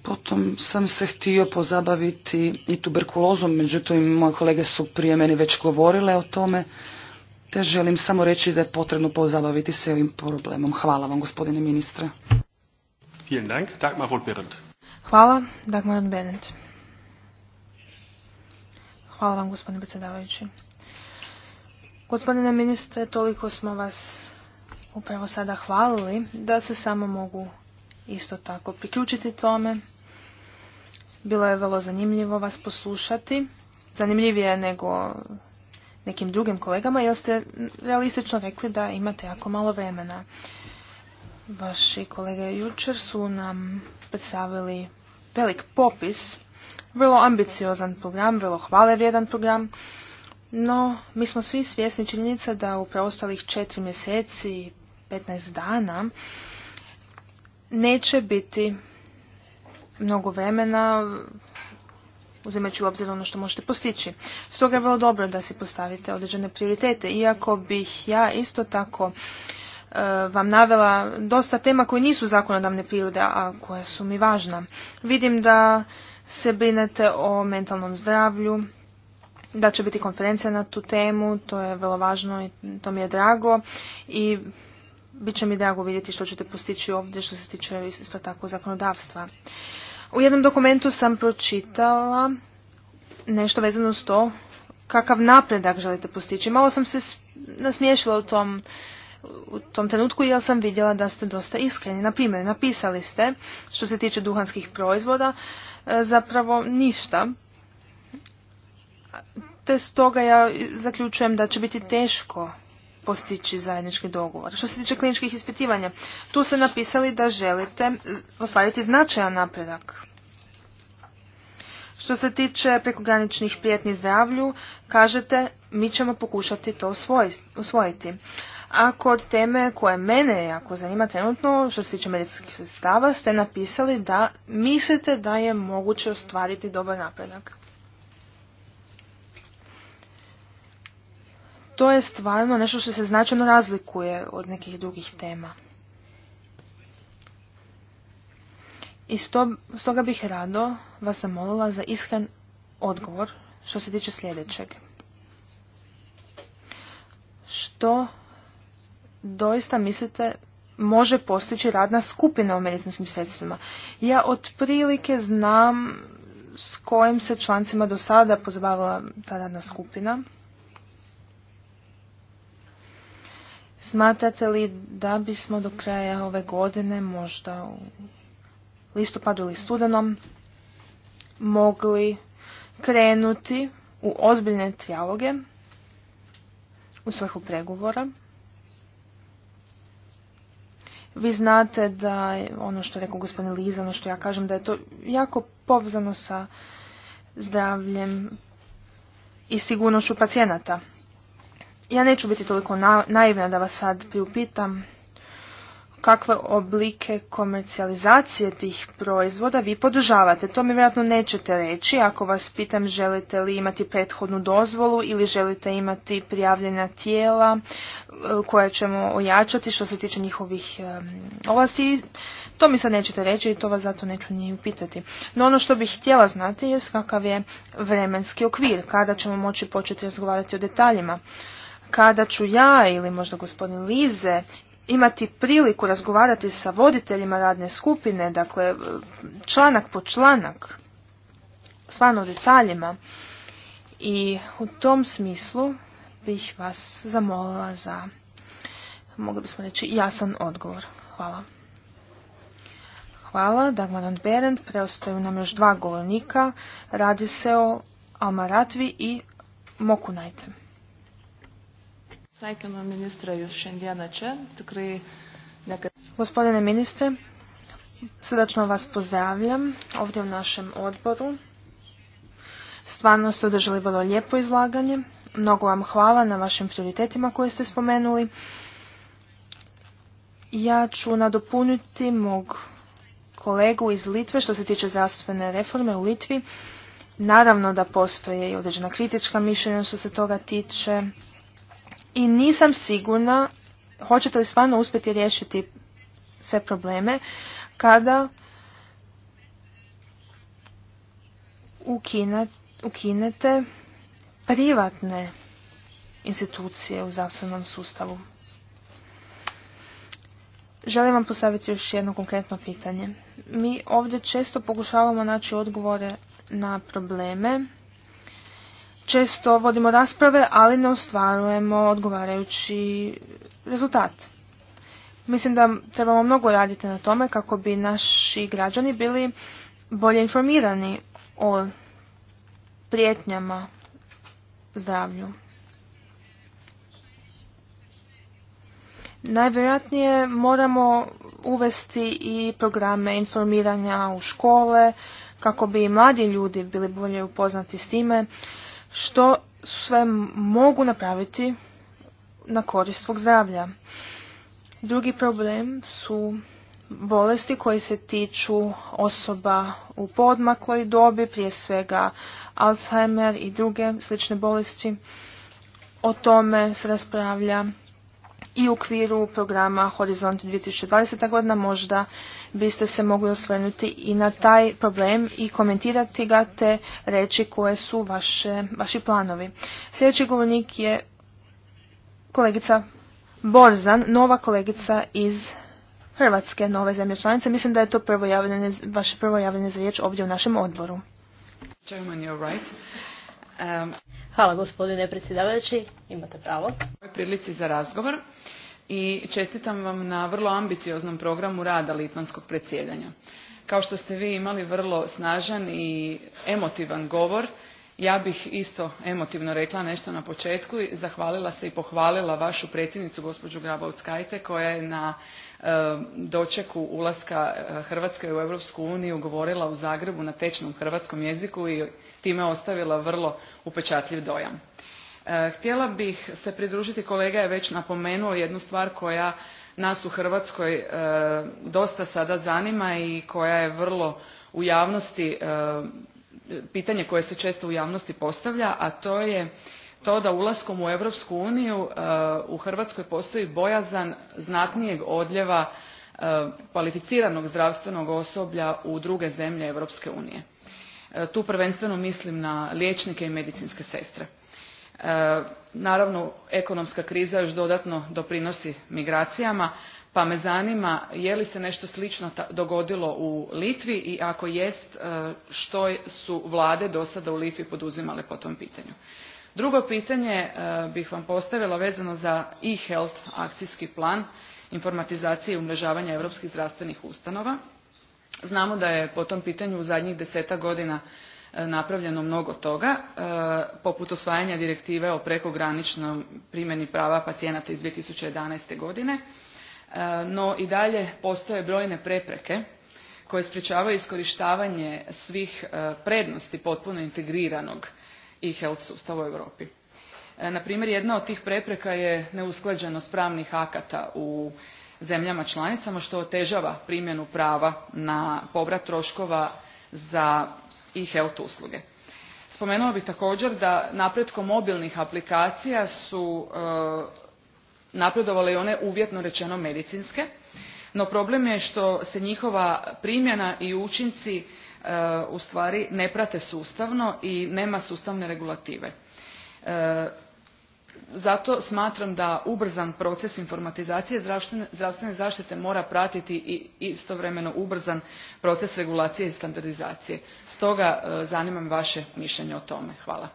Potom sam se htio pozabaviti i tuberkulozom, međutim moje kolege su prije meni već govorile o tome, te želim samo reći da je potrebno pozabaviti se ovim problemom. Hvala vam gospodine ministre. Hvala, Dagmar Hvala vam gospodine predsjedavajući. Gospodine ministre, toliko smo vas upravo sada hvalili da se samo mogu isto tako priključiti tome. Bilo je vrlo zanimljivo vas poslušati. Zanimljivije nego nekim drugim kolegama, jer ste realistično rekli da imate jako malo vremena. Vaši kolege jučer su nam predstavili velik popis vrlo ambiciozan program, vrlo hvale vrijedan program, no mi smo svi svjesni činjenica da u preostalih četiri mjeseci i 15 dana neće biti mnogo vremena uzimajući u obzir ono što možete postići. Stoga je vrlo dobro da si postavite određene prioritete, iako bih ja isto tako e, vam navela dosta tema koje nisu zakonodavne prirode, a koje su mi važna. Vidim da se brinete o mentalnom zdravlju, da će biti konferencija na tu temu, to je vrlo važno i to mi je drago i bit će mi drago vidjeti što ćete postići ovdje što se tiče isto tako zakonodavstva. U jednom dokumentu sam pročitala nešto vezano s to kakav napredak želite postići. Malo sam se nasmiješila u tom u tom trenutku jer sam vidjela da ste dosta iskreni. Na primjer, napisali ste što se tiče duhanskih proizvoda e, zapravo ništa. Te stoga ja zaključujem da će biti teško postići zajednički dogovor. Što se tiče kliničkih ispitivanja, tu ste napisali da želite ostvariti značajan napredak. Što se tiče prekograničnih prijetnih zdravlju, kažete mi ćemo pokušati to osvojiti a kod teme koje mene jako zanima trenutno, što se tiče medicinskih sredstava, ste napisali da mislite da je moguće ostvariti dobar napredak. To je stvarno nešto što se značajno razlikuje od nekih drugih tema. I stoga bih rado vas zamolila za iskren odgovor što se tiče sljedećeg. Što doista mislite može postići radna skupina u medicinskim sredstvima. Ja otprilike znam s kojim se člancima do sada pozabavila ta radna skupina. Smatrate li da bismo do kraja ove godine, možda u listopadu ili studenom, mogli krenuti u ozbiljne trijaloge u svrhu pregovora? Vi znate da ono što je rekao gospodin Liza, ono što ja kažem, da je to jako povezano sa zdravljem i sigurnošću pacijenata. Ja neću biti toliko naivna da vas sad priupitam kakve oblike komercijalizacije tih proizvoda vi podržavate. To mi vjerojatno nećete reći. Ako vas pitam želite li imati prethodnu dozvolu ili želite imati prijavljena tijela e, koja ćemo ojačati što se tiče njihovih e, ovlasti, to mi sad nećete reći i to vas zato neću ni pitati. No ono što bih htjela znati je kakav je vremenski okvir, kada ćemo moći početi razgovarati o detaljima kada ću ja ili možda gospodin Lize imati priliku razgovarati sa voditeljima radne skupine, dakle članak po članak, stvarno detaljima. I u tom smislu bih vas zamolila za, mogli bismo reći, jasan odgovor. Hvala. Hvala, Dagmar Berend, preostaju nam još dva govornika, radi se o Almaratvi i Mokunajte. Sveikinu ministrą jūs šiandieną Tikrai Gospodine ministre, srdačno vas pozdravljam ovdje u našem odboru. Stvarno ste održali vrlo lijepo izlaganje. Mnogo vam hvala na vašim prioritetima koje ste spomenuli. Ja ću nadopuniti mog kolegu iz Litve što se tiče zdravstvene reforme u Litvi. Naravno da postoje i određena kritička mišljenja što se toga tiče i nisam sigurna hoćete li stvarno uspjeti riješiti sve probleme kada ukinete privatne institucije u zdravstvenom sustavu. Želim vam postaviti još jedno konkretno pitanje. Mi ovdje često pokušavamo naći odgovore na probleme često vodimo rasprave, ali ne ostvarujemo odgovarajući rezultat. Mislim da trebamo mnogo raditi na tome kako bi naši građani bili bolje informirani o prijetnjama zdravlju. Najvjerojatnije moramo uvesti i programe informiranja u škole kako bi i mladi ljudi bili bolje upoznati s time što sve mogu napraviti na korist svog zdravlja. Drugi problem su bolesti koje se tiču osoba u podmakloj dobi, prije svega Alzheimer i druge slične bolesti. O tome se raspravlja i u okviru programa Horizont 2020. godina možda biste se mogli osvrnuti i na taj problem i komentirati ga te reći koje su vaše, vaši planovi. Sljedeći govornik je kolegica Borzan, nova kolegica iz Hrvatske, nove zemlje članice. Mislim da je to prvo vaše prvo javljene za riječ ovdje u našem odboru. Um, Hvala gospodine predsjedavajući, imate pravo. prilici za razgovor i čestitam vam na vrlo ambicioznom programu rada litvanskog predsjedanja. Kao što ste vi imali vrlo snažan i emotivan govor, ja bih isto emotivno rekla nešto na početku i zahvalila se i pohvalila vašu predsjednicu gospođu Grabovskajte koja je na e, dočeku ulaska e, Hrvatske u Europsku uniju govorila u Zagrebu na tečnom hrvatskom jeziku i time ostavila vrlo upečatljiv dojam htjela bih se pridružiti kolega je već napomenuo jednu stvar koja nas u hrvatskoj e, dosta sada zanima i koja je vrlo u javnosti e, pitanje koje se često u javnosti postavlja a to je to da ulaskom u europsku uniju e, u hrvatskoj postoji bojazan znatnijeg odljeva kvalificiranog zdravstvenog osoblja u druge zemlje europske unije tu prvenstveno mislim na liječnike i medicinske sestre. E, naravno ekonomska kriza još dodatno doprinosi migracijama pa me zanima je li se nešto slično dogodilo u litvi i ako jest e, što su vlade do sada u litvi poduzimale po tom pitanju? drugo pitanje e, bih vam postavila vezano za e health akcijski plan informatizacije i umrežavanja europskih zdravstvenih ustanova. znamo da je po tom pitanju u zadnjih desetak godina napravljeno mnogo toga, e, poput osvajanja direktive o prekograničnoj primjeni prava pacijenata iz 2011. godine, e, no i dalje postoje brojne prepreke koje sprječavaju iskorištavanje svih e, prednosti potpuno integriranog e health sustava u Europi. Na primjer, jedna od tih prepreka je neusklađenost pravnih akata u zemljama članicama što otežava primjenu prava na povrat troškova za i health usluge. Spomenuo bih također da napretkom mobilnih aplikacija su napredovali napredovale i one uvjetno rečeno medicinske, no problem je što se njihova primjena i učinci e, u ustvari ne prate sustavno i nema sustavne regulative. E, zato smatram da ubrzan proces informatizacije zdravstvene zaštite mora pratiti i istovremeno ubrzan proces regulacije i standardizacije stoga e, zanimam vaše mišljenje o tome hvala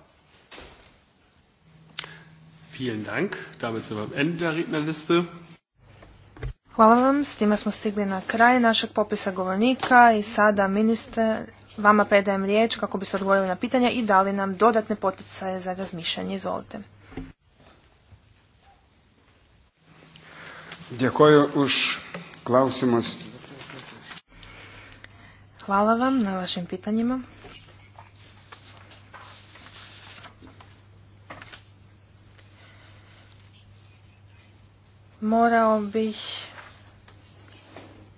Hvala vam, s njima smo stigli na kraj našeg popisa govornika i sada ministre, vama predajem riječ kako bi se odgovorili na pitanja i dali nam dodatne poticaje za razmišljanje. Izvolite. Dėkoju už klausimus. Hvala vam na vašim pitanjima. Morao bih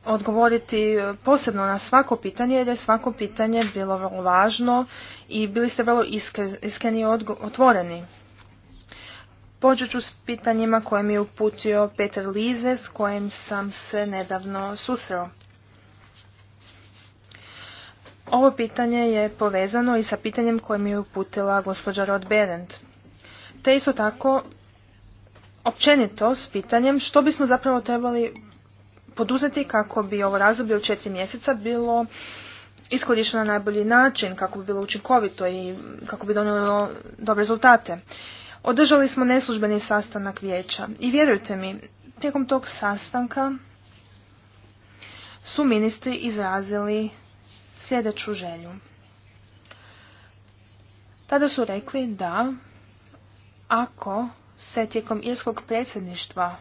odgovoriti posebno na svako pitanje jer je svako pitanje bilo vrlo važno i bili ste vrlo iskreni i otvoreni. Počet ću s pitanjima koje mi je uputio Peter Lize s kojim sam se nedavno susreo. Ovo pitanje je povezano i sa pitanjem koje mi je uputila gospođa Rod Berend. Te isto tako općenito s pitanjem što bismo zapravo trebali poduzeti kako bi ovo razdoblje u četiri mjeseca bilo iskorišteno na najbolji način, kako bi bilo učinkovito i kako bi donijelo dobre rezultate. Održali smo neslužbeni sastanak vijeća i vjerujte mi, tijekom tog sastanka su ministri izrazili sljedeću želju. Tada su rekli da ako se tijekom irskog predsjedništva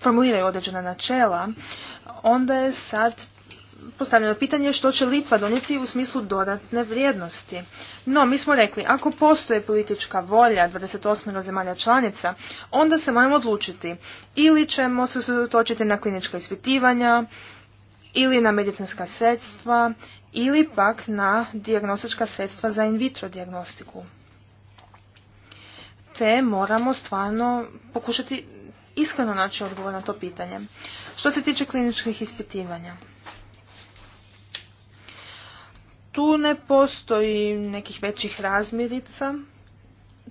formuliraju određena načela, onda je sad postavljeno pitanje što će Litva donijeti u smislu dodatne vrijednosti. No, mi smo rekli, ako postoje politička volja 28. zemalja članica, onda se moramo odlučiti. Ili ćemo se usredotočiti na klinička ispitivanja, ili na medicinska sredstva, ili pak na dijagnostička sredstva za in vitro dijagnostiku. Te moramo stvarno pokušati iskreno naći odgovor na to pitanje. Što se tiče kliničkih ispitivanja, tu ne postoji nekih većih razmirica.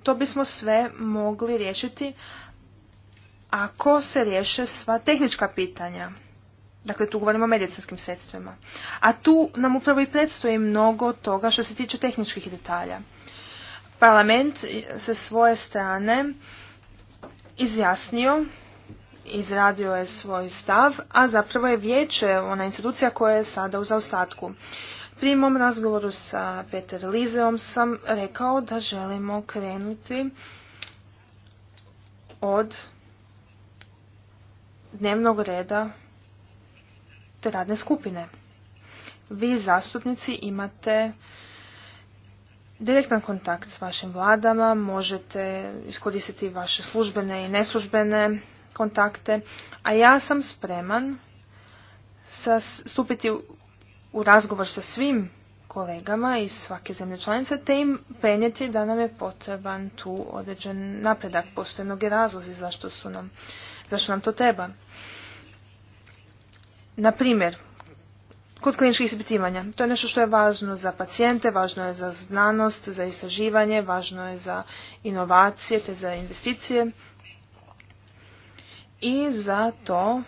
To bismo sve mogli riješiti ako se riješe sva tehnička pitanja. Dakle, tu govorimo o medicinskim sredstvima. A tu nam upravo i predstoji mnogo toga što se tiče tehničkih detalja. Parlament se svoje strane izjasnio, izradio je svoj stav, a zapravo je vijeće, ona institucija koja je sada u zaostatku. Pri mom razgovoru sa Peter Lizeom sam rekao da želimo krenuti od dnevnog reda te radne skupine. Vi zastupnici imate direktan kontakt s vašim vladama, možete iskoristiti vaše službene i neslužbene kontakte, a ja sam spreman stupiti u razgovor sa svim kolegama iz svake zemlje članice te im penjeti da nam je potreban tu određen napredak. Postoje mnogi razlozi zašto, su nam, zašto nam to treba. Na primjer, kod kliničkih ispitivanja. To je nešto što je važno za pacijente, važno je za znanost, za istraživanje, važno je za inovacije te za investicije. I za to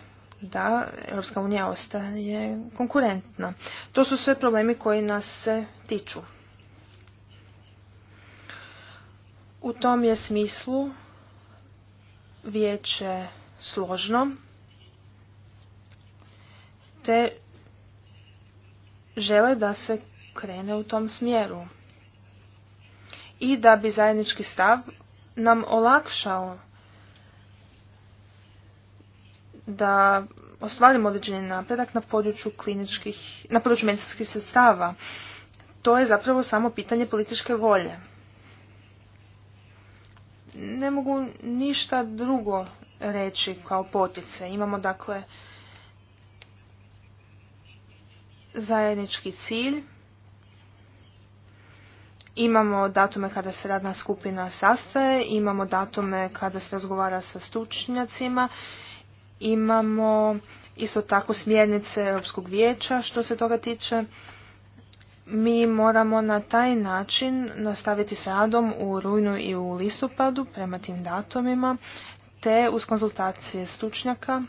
da Europska unija ostaje konkurentna. To su sve problemi koji nas se tiču. U tom je smislu vijeće složno te žele da se krene u tom smjeru i da bi zajednički stav nam olakšao da ostvarimo određeni napredak na području kliničkih, na području medicinskih sredstava. To je zapravo samo pitanje političke volje. Ne mogu ništa drugo reći kao potice. Imamo dakle zajednički cilj. Imamo datume kada se radna skupina sastaje, imamo datume kada se razgovara sa stručnjacima, Imamo isto tako smjernice Europskog vijeća što se toga tiče. Mi moramo na taj način nastaviti s radom u rujnu i u listopadu prema tim datumima, te uz konzultacije stručnjaka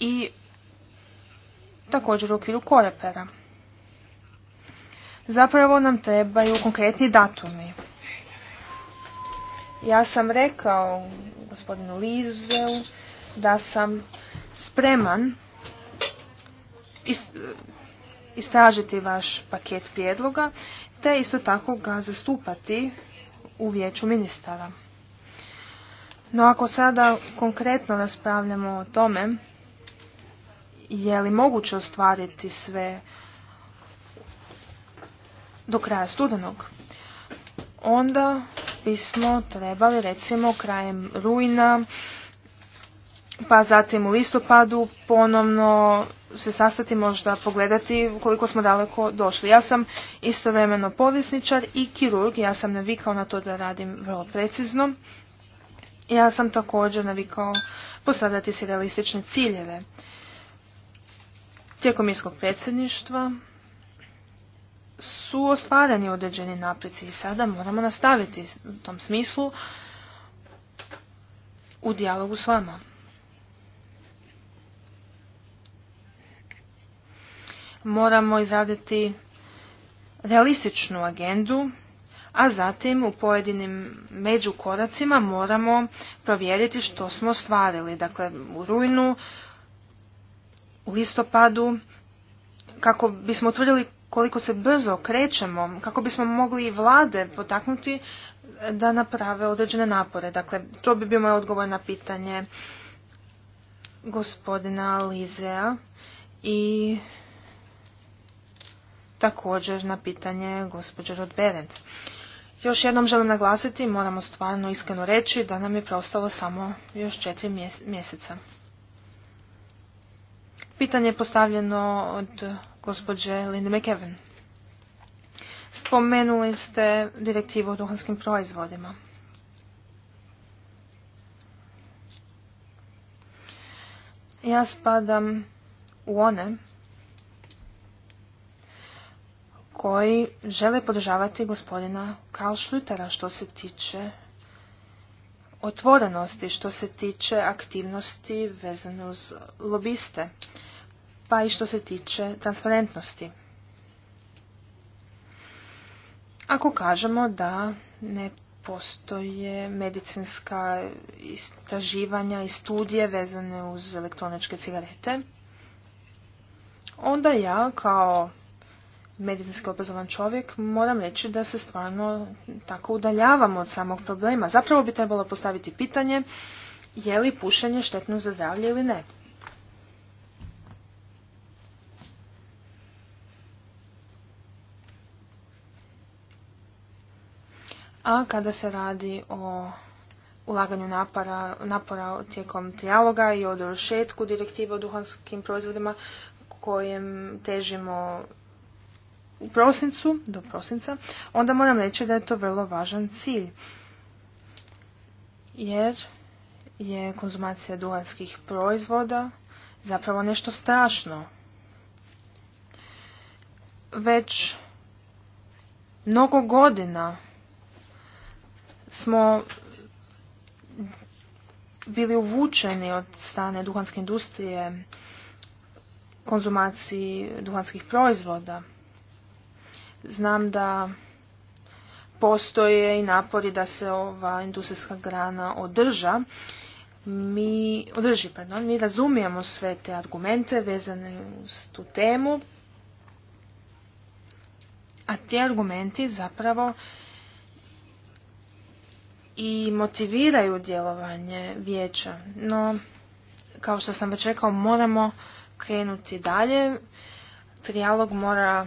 i također u okviru korepera. Zapravo nam trebaju konkretni datumi. Ja sam rekao gospodinu Lizeu da sam spreman istražiti vaš paket prijedloga, te isto tako ga zastupati u vijeću ministara. No ako sada konkretno raspravljamo o tome, je li moguće ostvariti sve do kraja studenog, onda bismo trebali recimo krajem rujna pa zatim u listopadu ponovno se sastati možda pogledati koliko smo daleko došli. Ja sam istovremeno povjesničar i kirurg, ja sam navikao na to da radim vrlo precizno. Ja sam također navikao postavljati se realistične ciljeve. Tijekom mirskog predsjedništva su ostvareni određeni napreci i sada moramo nastaviti u tom smislu u dijalogu s vama. moramo izraditi realističnu agendu, a zatim u pojedinim koracima moramo provjeriti što smo stvarili. Dakle, u rujnu, u listopadu, kako bismo utvrdili koliko se brzo krećemo, kako bismo mogli i vlade potaknuti da naprave određene napore. Dakle, to bi bio moj odgovor na pitanje gospodina Lizea i također na pitanje gospođe Rodberend. Još jednom želim naglasiti, moramo stvarno iskreno reći da nam je preostalo samo još četiri mjeseca. Pitanje je postavljeno od gospođe Linde McEwen. Spomenuli ste direktivu o duhanskim proizvodima. Ja spadam u one koji žele podržavati gospodina Karl schlutera što se tiče otvorenosti, što se tiče aktivnosti vezano uz lobiste, pa i što se tiče transparentnosti. Ako kažemo da ne postoje medicinska istraživanja i studije vezane uz elektroničke cigarete, onda ja kao medicinski obrazovan čovjek, moram reći da se stvarno tako udaljavamo od samog problema. Zapravo bi trebalo postaviti pitanje je li pušenje štetno za zdravlje ili ne. A kada se radi o ulaganju napora napora tijekom trijaloga i o dovršetku direktive o duhanskim proizvodima kojem težimo u prosincu, do prosinca, onda moram reći da je to vrlo važan cilj. Jer je konzumacija duhanskih proizvoda zapravo nešto strašno. Već mnogo godina smo bili uvučeni od strane duhanske industrije konzumaciji duhanskih proizvoda. Znam da postoje i napori da se ova industrijska grana održa. Mi, održi, pardon, mi razumijemo sve te argumente vezane uz tu temu, a ti argumenti zapravo i motiviraju djelovanje vijeća. No, kao što sam već rekao, moramo krenuti dalje. Trijalog mora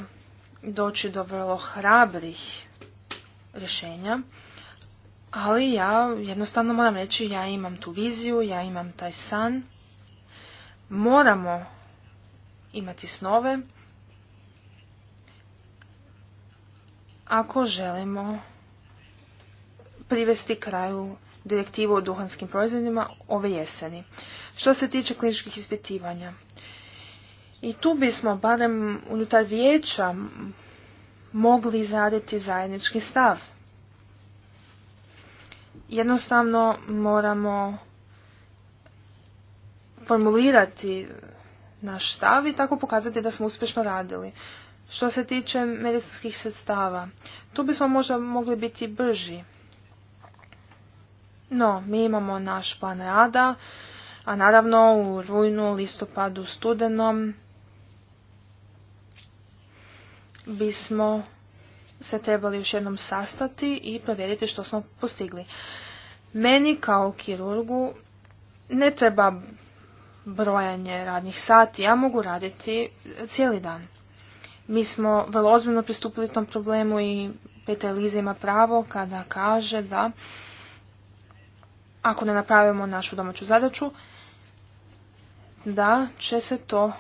doći do vrlo hrabrih rješenja, ali ja jednostavno moram reći ja imam tu viziju, ja imam taj san. Moramo imati snove ako želimo privesti kraju direktivu o duhanskim proizvodima ove jeseni. Što se tiče kliničkih ispitivanja, i tu bismo barem unutar vijeća mogli izraditi zajednički stav. Jednostavno moramo formulirati naš stav i tako pokazati da smo uspješno radili. Što se tiče medicinskih sredstava, tu bismo možda mogli biti brži. No, mi imamo naš plan rada, a naravno u rujnu, listopadu, studenom bismo se trebali još jednom sastati i provjeriti što smo postigli. Meni kao kirurgu ne treba brojanje radnih sati, ja mogu raditi cijeli dan. Mi smo vrlo ozbiljno pristupili tom problemu i Petra Eliza ima pravo kada kaže da ako ne napravimo našu domaću zadaću, da će se to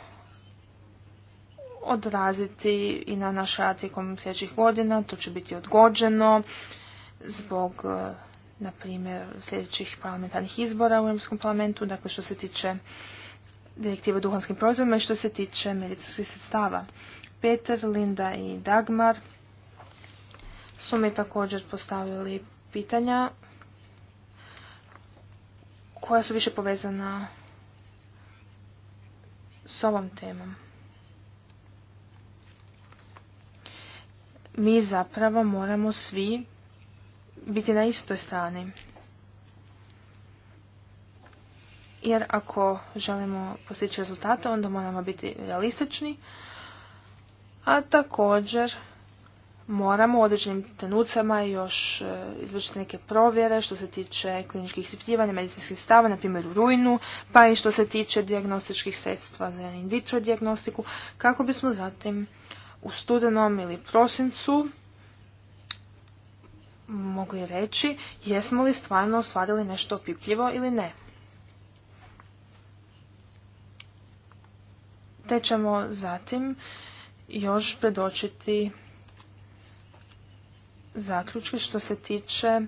odraziti i na naš rad tijekom sljedećih godina. To će biti odgođeno zbog, e, na primjer, sljedećih parlamentarnih izbora u Europskom parlamentu, dakle što se tiče direktive o duhanskim proizvodima i što se tiče medicinskih sredstava. Peter, Linda i Dagmar su mi također postavili pitanja koja su više povezana s ovom temom. mi zapravo moramo svi biti na istoj strani. Jer ako želimo postići rezultate, onda moramo biti realistični, a također moramo u određenim tenucama još e, izvršiti neke provjere što se tiče kliničkih ispitivanja medicinskih stava, na primjer u rujnu, pa i što se tiče diagnostičkih sredstva za in vitro diagnostiku, kako bismo zatim u studenom ili prosincu mogli reći jesmo li stvarno ostvarili nešto opipljivo ili ne. Te ćemo zatim još predočiti zaključke što se tiče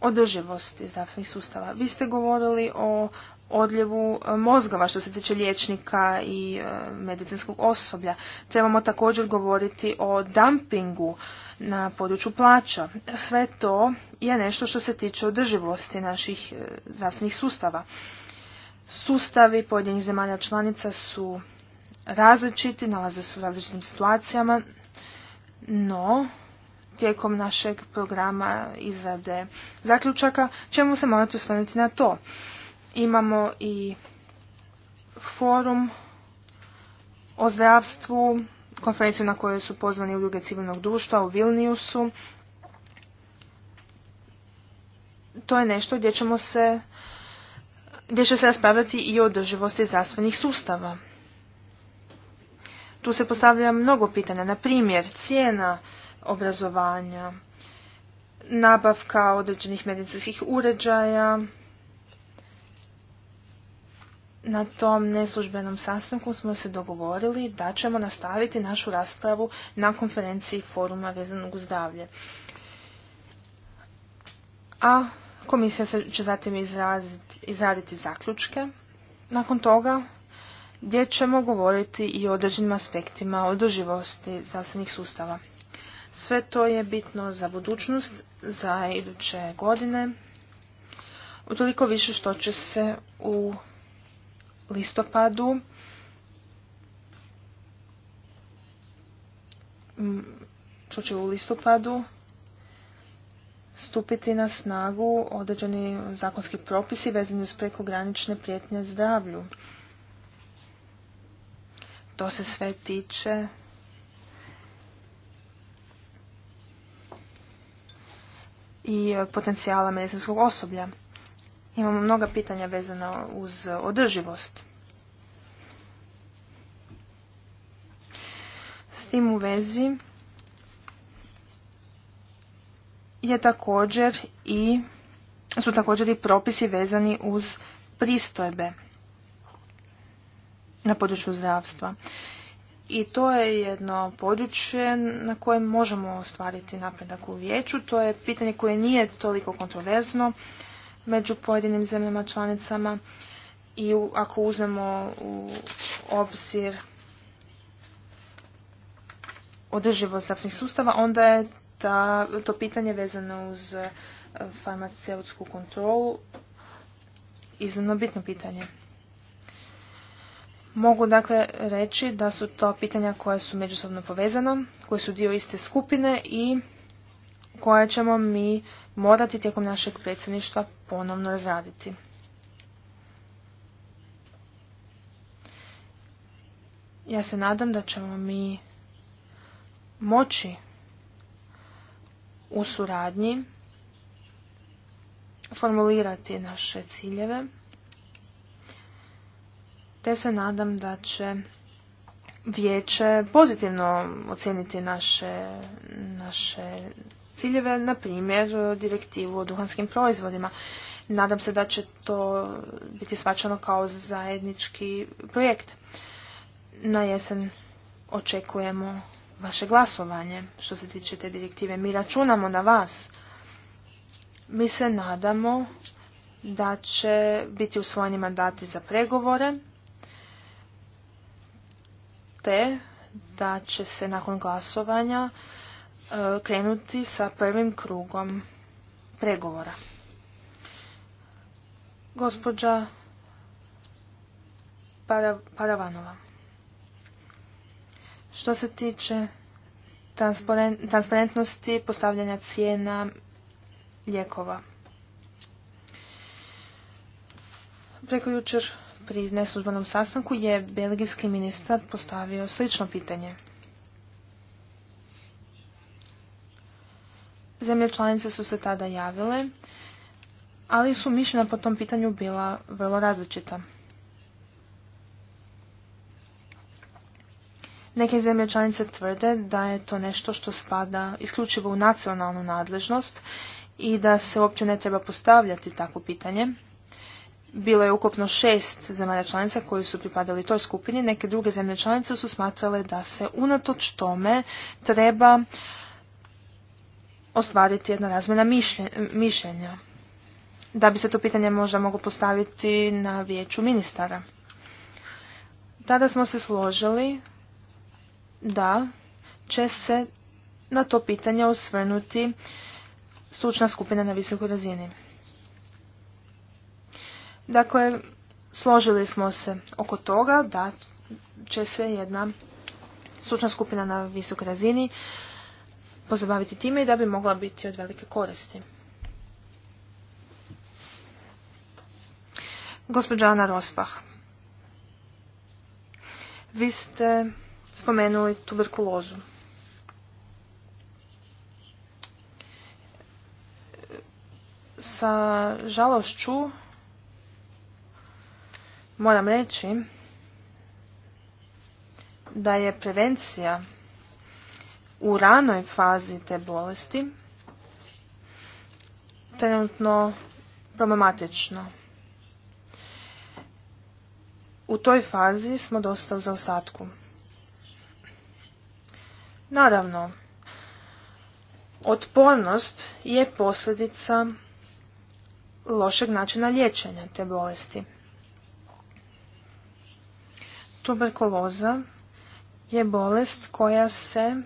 održivosti zdravstvenih sustava. Vi ste govorili o odljevu e, mozgova što se tiče liječnika i e, medicinskog osoblja. Trebamo također govoriti o dumpingu na području plaća. Sve to je nešto što se tiče održivosti naših e, zasnih sustava. Sustavi pojedinih zemalja članica su različiti, nalaze se u različitim situacijama, no tijekom našeg programa izrade zaključaka ćemo se morati osvrnuti na to. Imamo i forum o zdravstvu, konferenciju na kojoj su pozvani udruge civilnog društva u Vilniusu. To je nešto gdje ćemo se gdje će se raspravljati i o održivosti zdravstvenih sustava. Tu se postavlja mnogo pitanja, na primjer cijena obrazovanja, nabavka određenih medicinskih uređaja, na tom neslužbenom sastanku smo se dogovorili da ćemo nastaviti našu raspravu na konferenciji foruma vezanog uz zdravlje. A komisija će zatim izraditi zaključke. Nakon toga gdje ćemo govoriti i o određenim aspektima održivosti zdravstvenih sustava. Sve to je bitno za budućnost, za iduće godine, utoliko više što će se u listopadu mm, što će u listopadu stupiti na snagu određeni zakonski propisi vezani uz prekogranične prijetnje zdravlju. To se sve tiče i e, potencijala medicinskog osoblja. Imamo mnoga pitanja vezana uz održivost. S tim u vezi je također i su također i propisi vezani uz pristojbe na području zdravstva. I to je jedno područje na kojem možemo ostvariti napredak u vijeću. To je pitanje koje nije toliko kontroverzno, među pojedinim zemljama članicama i ako uzmemo u obzir održivost zdravstvenih sustava, onda je to pitanje vezano uz e, farmaceutsku kontrolu iznimno bitno pitanje. Mogu dakle reći da su to pitanja koja su međusobno povezana, koje su dio iste skupine i koje ćemo mi morati tijekom našeg predsjedništva ponovno razraditi. Ja se nadam da ćemo mi moći u suradnji formulirati naše ciljeve, te se nadam da će vijeće pozitivno ocijeniti naše, naše ciljeve, na primjer direktivu o duhanskim proizvodima. Nadam se da će to biti svačano kao zajednički projekt. Na jesen očekujemo vaše glasovanje što se tiče te direktive. Mi računamo na vas. Mi se nadamo da će biti usvojeni mandati za pregovore te da će se nakon glasovanja E, krenuti sa prvim krugom pregovora. Gospođa Paravanova. Što se tiče transparentnosti postavljanja cijena lijekova. Preko jučer pri neslužbenom sastanku je belgijski ministar postavio slično pitanje. Zemlje članice su se tada javile, ali su mišljena po tom pitanju bila vrlo različita. Neke zemlje članice tvrde da je to nešto što spada isključivo u nacionalnu nadležnost i da se uopće ne treba postavljati takvo pitanje. Bilo je ukupno šest zemalja članica koji su pripadali toj skupini, neke druge zemlje članice su smatrale da se unatoč tome treba ostvariti jedna razmjena mišljenja. Da bi se to pitanje možda moglo postaviti na vijeću ministara. Tada smo se složili da će se na to pitanje osvrnuti stručna skupina na visokoj razini. Dakle, složili smo se oko toga da će se jedna stručna skupina na visokoj razini pozabaviti time i da bi mogla biti od velike koristi. Gospođa Ana Rospah, vi ste spomenuli tuberkulozu. Sa žalošću moram reći da je prevencija u ranoj fazi te bolesti trenutno problematično. U toj fazi smo dosta u zaostatku. Naravno, otpornost je posljedica lošeg načina liječenja te bolesti. Tuberkuloza je bolest koja se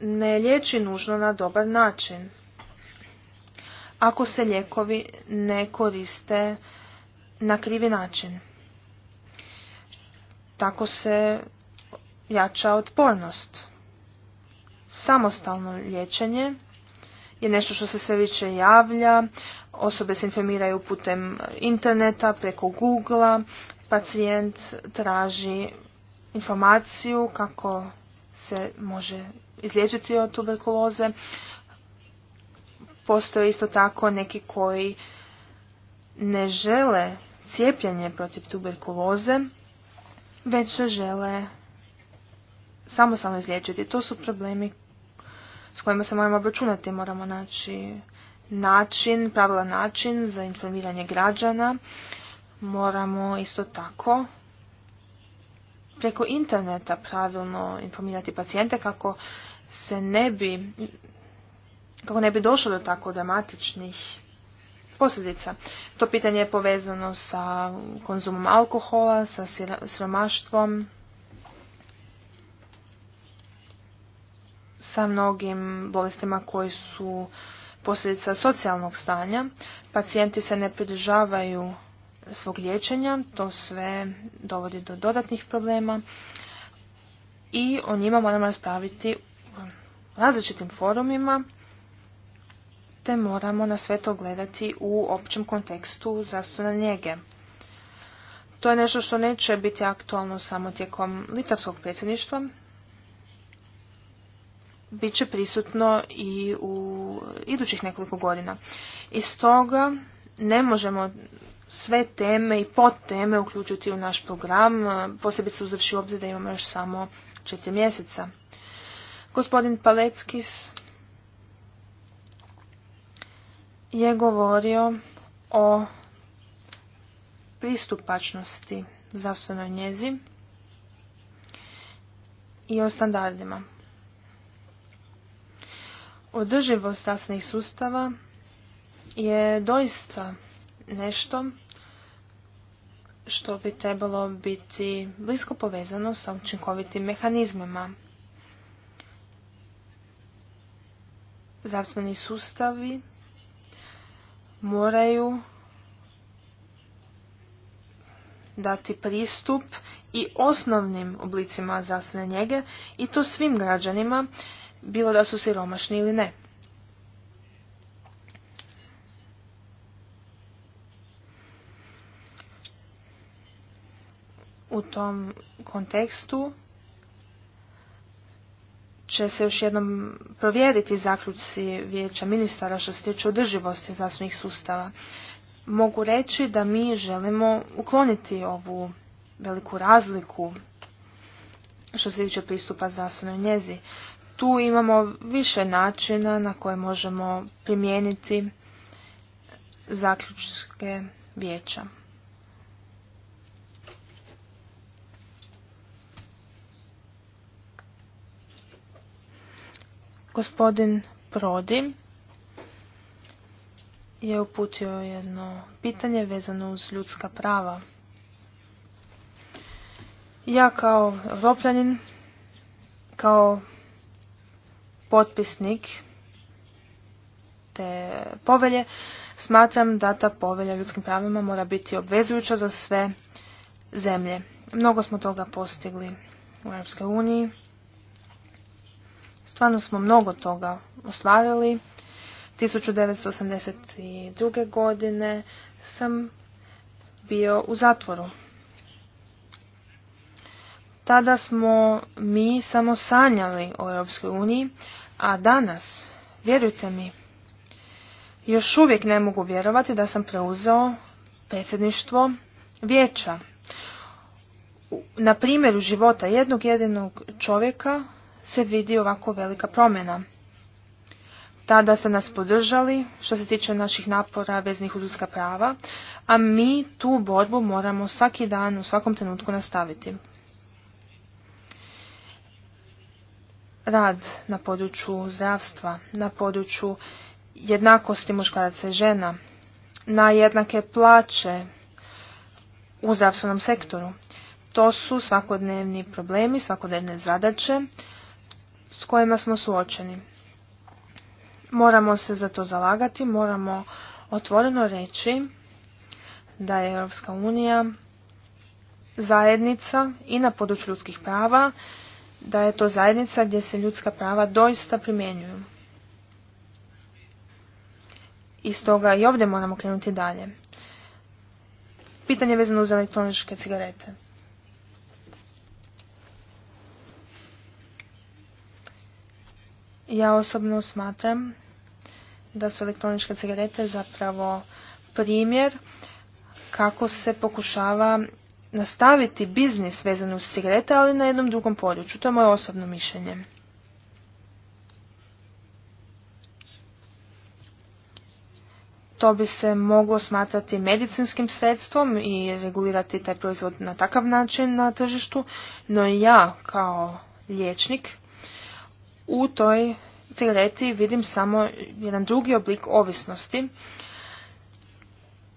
ne liječi nužno na dobar način. Ako se lijekovi ne koriste na krivi način. Tako se jača otpornost. Samostalno liječenje je nešto što se sve više javlja, osobe se informiraju putem interneta, preko Googlea, pacijent traži informaciju kako se može izliječiti od tuberkuloze. Postoje isto tako neki koji ne žele cijepljenje protiv tuberkuloze, već se žele samostalno izliječiti. To su problemi s kojima se moramo obračunati. Moramo naći način, pravilan način za informiranje građana. Moramo isto tako preko interneta pravilno informirati pacijente kako se ne bi kako ne bi došlo do tako dramatičnih posljedica. To pitanje je povezano sa konzumom alkohola, sa sromaštvom, sa mnogim bolestima koji su posljedica socijalnog stanja. Pacijenti se ne pridržavaju svog liječenja. To sve dovodi do dodatnih problema i o njima moramo raspraviti u različitim forumima te moramo na sve to gledati u općem kontekstu zdravstvene njege. To je nešto što neće biti aktualno samo tijekom litavskog predsjedništva. Biće prisutno i u idućih nekoliko godina. I stoga ne možemo sve teme i podteme uključiti u naš program, posebice se u obzir da imamo još samo četiri mjeseca. Gospodin Paleckis je govorio o pristupačnosti zdravstvenoj njezi i o standardima. Održivost zdravstvenih sustava je doista nešto što bi trebalo biti blisko povezano sa učinkovitim mehanizmama. Zdravstveni sustavi moraju dati pristup i osnovnim oblicima zdravstvene njege i to svim građanima, bilo da su siromašni ili ne. U tom kontekstu će se još jednom provjeriti zaključci vijeća ministara što se tiče održivosti zdravstvenih sustava. Mogu reći da mi želimo ukloniti ovu veliku razliku što se tiče pristupa zdravstvenoj njezi. Tu imamo više načina na koje možemo primijeniti zaključke vijeća. Gospodin Prodi je uputio jedno pitanje vezano uz ljudska prava. Ja kao Evropljanin, kao potpisnik te povelje, smatram da ta povelja ljudskim pravima mora biti obvezujuća za sve zemlje. Mnogo smo toga postigli u Europskoj uniji. Stvarno smo mnogo toga ostvarili. 1982. godine sam bio u zatvoru. Tada smo mi samo sanjali o Europskoj uniji, a danas, vjerujte mi, još uvijek ne mogu vjerovati da sam preuzeo predsjedništvo vijeća. Na primjeru života jednog jedinog čovjeka se vidi ovako velika promjena. Tada ste nas podržali što se tiče naših napora veznih uz ljudska prava, a mi tu borbu moramo svaki dan, u svakom trenutku nastaviti. Rad na području zdravstva, na području jednakosti muškaraca i žena, na jednake plaće u zdravstvenom sektoru. To su svakodnevni problemi, svakodnevne zadaće s kojima smo suočeni. Moramo se za to zalagati, moramo otvoreno reći da je Europska unija zajednica i na području ljudskih prava, da je to zajednica gdje se ljudska prava doista primjenjuju. I stoga i ovdje moramo krenuti dalje. Pitanje vezano uz elektroničke cigarete. Ja osobno smatram da su elektroničke cigarete zapravo primjer kako se pokušava nastaviti biznis vezan uz cigarete, ali na jednom drugom području. To je moje osobno mišljenje. To bi se moglo smatrati medicinskim sredstvom i regulirati taj proizvod na takav način na tržištu, no ja kao liječnik u toj cigareti vidim samo jedan drugi oblik ovisnosti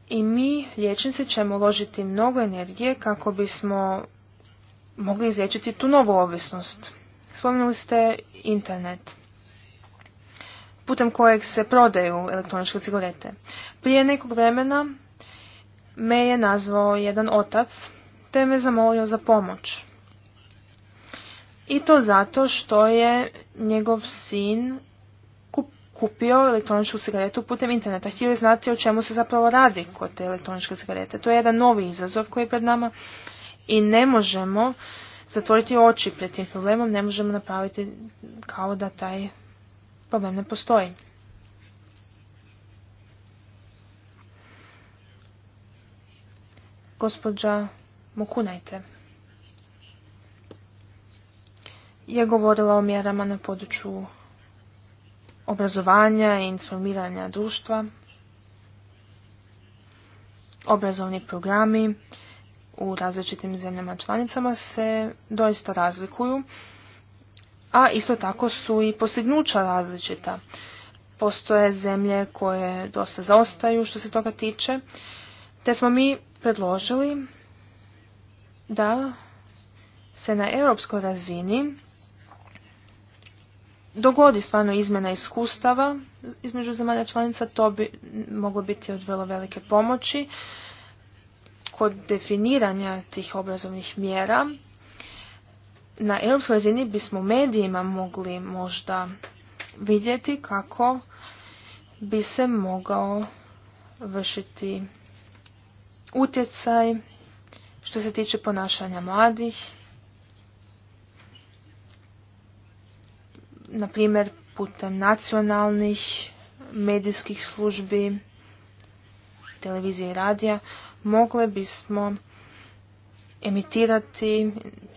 i mi liječnici ćemo uložiti mnogo energije kako bismo mogli izlječiti tu novu ovisnost. Spomenuli ste internet putem kojeg se prodaju elektroničke cigarete. Prije nekog vremena me je nazvao jedan otac te me zamolio za pomoć. I to zato što je njegov sin kupio elektroničku cigaretu putem interneta. Htio je znati o čemu se zapravo radi kod te elektroničke cigarete. To je jedan novi izazov koji je pred nama i ne možemo zatvoriti oči pred tim problemom, ne možemo napraviti kao da taj problem ne postoji. Gospođa Mokunajte. je govorila o mjerama na području obrazovanja i informiranja društva, obrazovni programi u različitim zemljama članicama se doista razlikuju, a isto tako su i postignuća različita. Postoje zemlje koje dosta zaostaju što se toga tiče, te smo mi predložili da se na europskoj razini dogodi stvarno izmjena iskustava između zemalja članica, to bi moglo biti od vrlo velike pomoći kod definiranja tih obrazovnih mjera. Na europskoj razini bismo medijima mogli možda vidjeti kako bi se mogao vršiti utjecaj što se tiče ponašanja mladih na primjer putem nacionalnih medijskih službi, televizije i radija, mogle bismo emitirati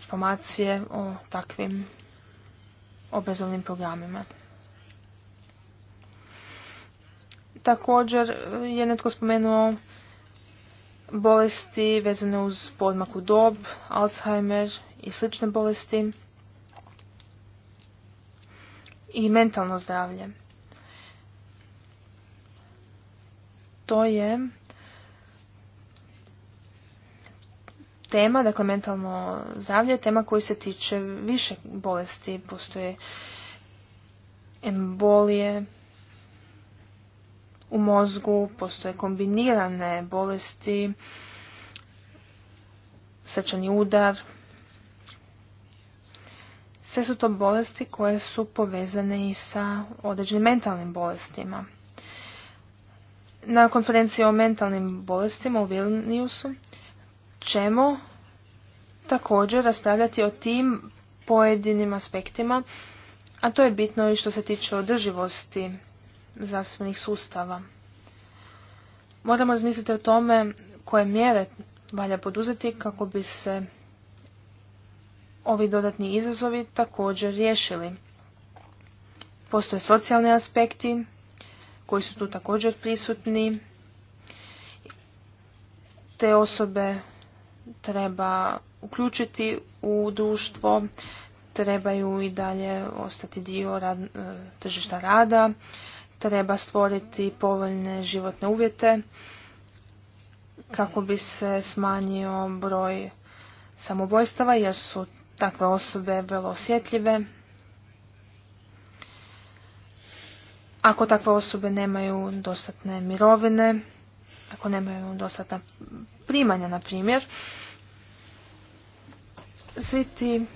informacije o takvim obrazovnim programima. Također je netko spomenuo bolesti vezane uz podmaku dob, Alzheimer i slične bolesti i mentalno zdravlje. To je tema, dakle mentalno zdravlje tema koji se tiče više bolesti. Postoje embolije u mozgu, postoje kombinirane bolesti, srčani udar, sve su to bolesti koje su povezane i sa određenim mentalnim bolestima. Na konferenciji o mentalnim bolestima u Vilniusu ćemo također raspravljati o tim pojedinim aspektima, a to je bitno i što se tiče održivosti zdravstvenih sustava. Moramo razmisliti o tome koje mjere valja poduzeti kako bi se ovi dodatni izazovi također riješili. Postoje socijalni aspekti koji su tu također prisutni. Te osobe treba uključiti u društvo, trebaju i dalje ostati dio e, tržišta rada, treba stvoriti povoljne životne uvjete kako bi se smanjio broj samobojstava jer su takve osobe vrlo osjetljive. Ako takve osobe nemaju dostatne mirovine, ako nemaju dostatna primanja, na primjer, svi ti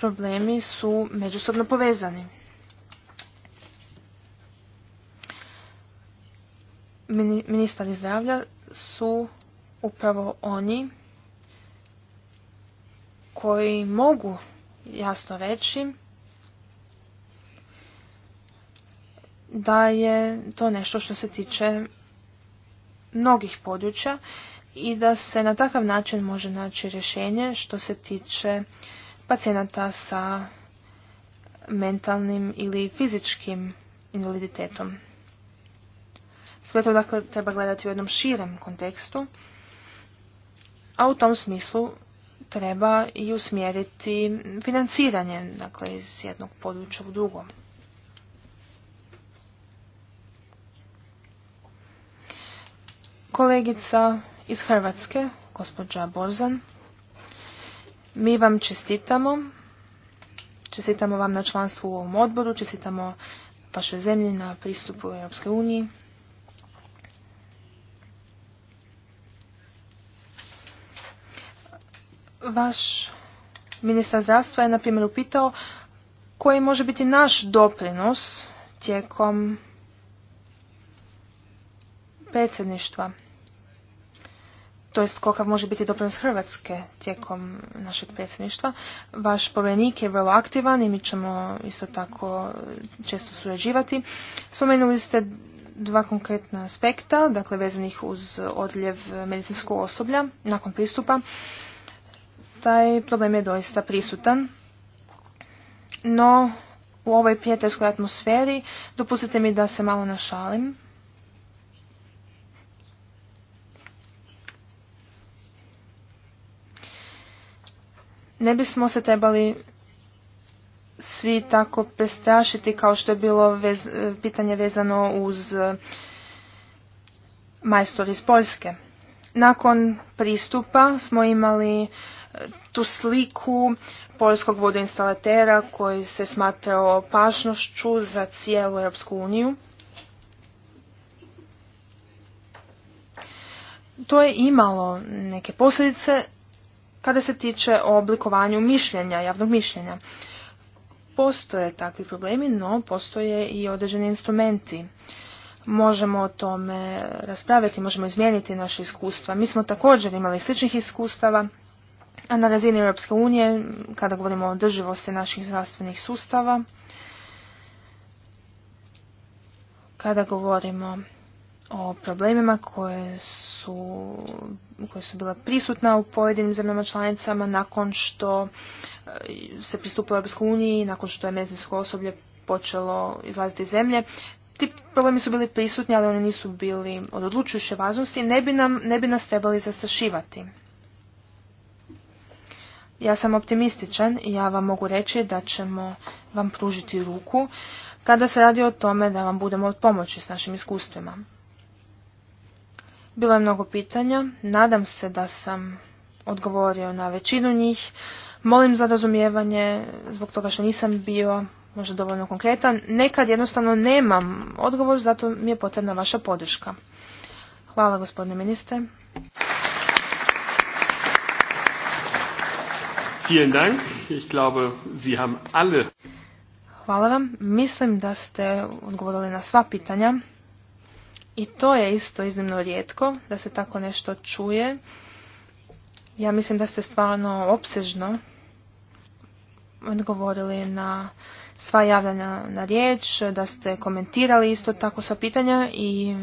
problemi su međusobno povezani. Ministar zdravlja su upravo oni koji mogu jasno reći da je to nešto što se tiče mnogih područja i da se na takav način može naći rješenje što se tiče pacijenata sa mentalnim ili fizičkim invaliditetom. Sve to dakle treba gledati u jednom širem kontekstu, a u tom smislu treba i usmjeriti financiranje dakle, iz jednog područja u drugom. Kolegica iz Hrvatske, gospođa Borzan, mi vam čestitamo. Čestitamo vam na članstvu u ovom odboru, čestitamo vaše zemlji na pristupu u Europske uniji. Vaš ministar zdravstva je na primjer upitao koji može biti naš doprinos tijekom predsjedništva. To jest kakav može biti doprinos Hrvatske tijekom našeg predsjedništva. Vaš povjerenik je vrlo aktivan i mi ćemo isto tako često surađivati. Spomenuli ste dva konkretna aspekta, dakle vezanih uz odljev medicinskog osoblja nakon pristupa taj problem je doista prisutan. No, u ovoj prijateljskoj atmosferi dopustite mi da se malo našalim. Ne bismo se trebali svi tako prestrašiti kao što je bilo pitanje vezano uz eh, majstor iz Poljske. Nakon pristupa smo imali tu sliku poljskog vodoinstalatera koji se smatrao opasnošću za cijelu Europsku uniju. To je imalo neke posljedice kada se tiče o oblikovanju mišljenja, javnog mišljenja. Postoje takvi problemi, no postoje i određeni instrumenti. Možemo o tome raspraviti, možemo izmijeniti naše iskustva. Mi smo također imali sličnih iskustava na razini Europske unije, kada govorimo o održivosti naših zdravstvenih sustava, kada govorimo o problemima koje su, koje su bila prisutna u pojedinim zemljama članicama nakon što e, se pristupilo Europskoj uniji, nakon što je medicinsko osoblje počelo izlaziti iz zemlje. Ti problemi su bili prisutni, ali oni nisu bili od odlučujuće važnosti, ne ne bi nas trebali zastrašivati. Ja sam optimističan i ja vam mogu reći da ćemo vam pružiti ruku kada se radi o tome da vam budemo od pomoći s našim iskustvima. Bilo je mnogo pitanja, nadam se da sam odgovorio na većinu njih. Molim za razumijevanje zbog toga što nisam bio možda dovoljno konkretan. Nekad jednostavno nemam odgovor, zato mi je potrebna vaša podrška. Hvala gospodine ministre. Hvala vam. Mislim da ste odgovorili na sva pitanja. I to je isto iznimno rijetko da se tako nešto čuje. Ja mislim da ste stvarno opsežno odgovorili na sva javljanja na riječ, da ste komentirali isto tako sva pitanja i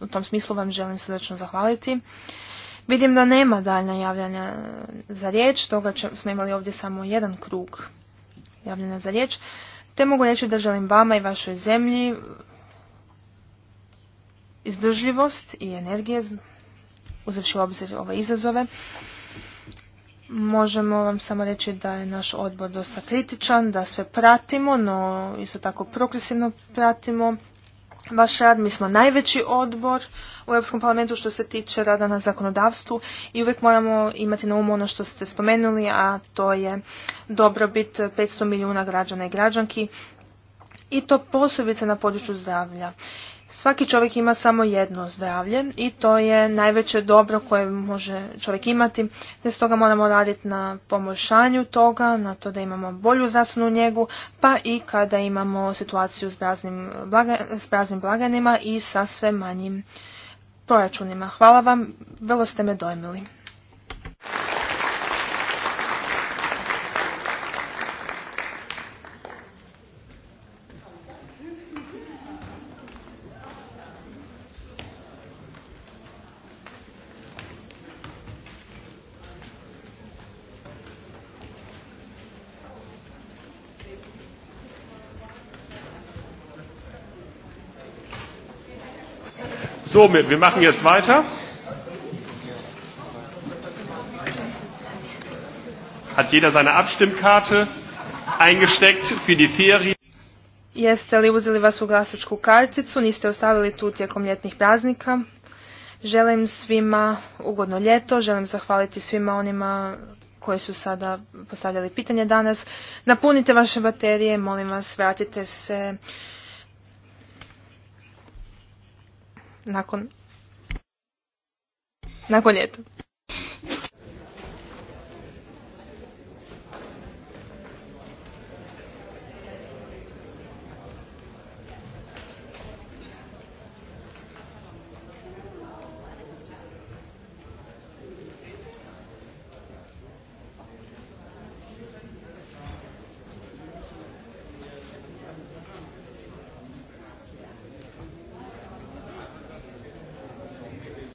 u tom smislu vam želim srdečno zahvaliti. Vidim da nema daljna javljanja za riječ, toga smo imali ovdje samo jedan krug javljanja za riječ, te mogu reći da želim vama i vašoj zemlji izdržljivost i energije, uzevši u obzir ove izazove. Možemo vam samo reći da je naš odbor dosta kritičan, da sve pratimo, no isto tako progresivno pratimo vaš rad. Mi smo najveći odbor u Europskom parlamentu što se tiče rada na zakonodavstvu i uvijek moramo imati na umu ono što ste spomenuli, a to je dobrobit 500 milijuna građana i građanki i to posebice na području zdravlja. Svaki čovjek ima samo jedno zdravlje i to je najveće dobro koje može čovjek imati, te stoga moramo raditi na poboljšanju toga, na to da imamo bolju zdravstvenu njegu, pa i kada imamo situaciju s praznim, blaganima i sa sve manjim proračunima. Hvala vam, vrlo ste me dojmili. So, wir machen jetzt weiter. Hat jeder seine Abstimmkarte eingesteckt für die Ferien? Jeste li uzeli vas u glasačku karticu, niste ostavili tu tijekom ljetnih praznika. Želim svima ugodno ljeto, želim zahvaliti svima onima koji su sada postavljali pitanje danas. Napunite vaše baterije, molim vas, vratite se nakon, nakon ljeta.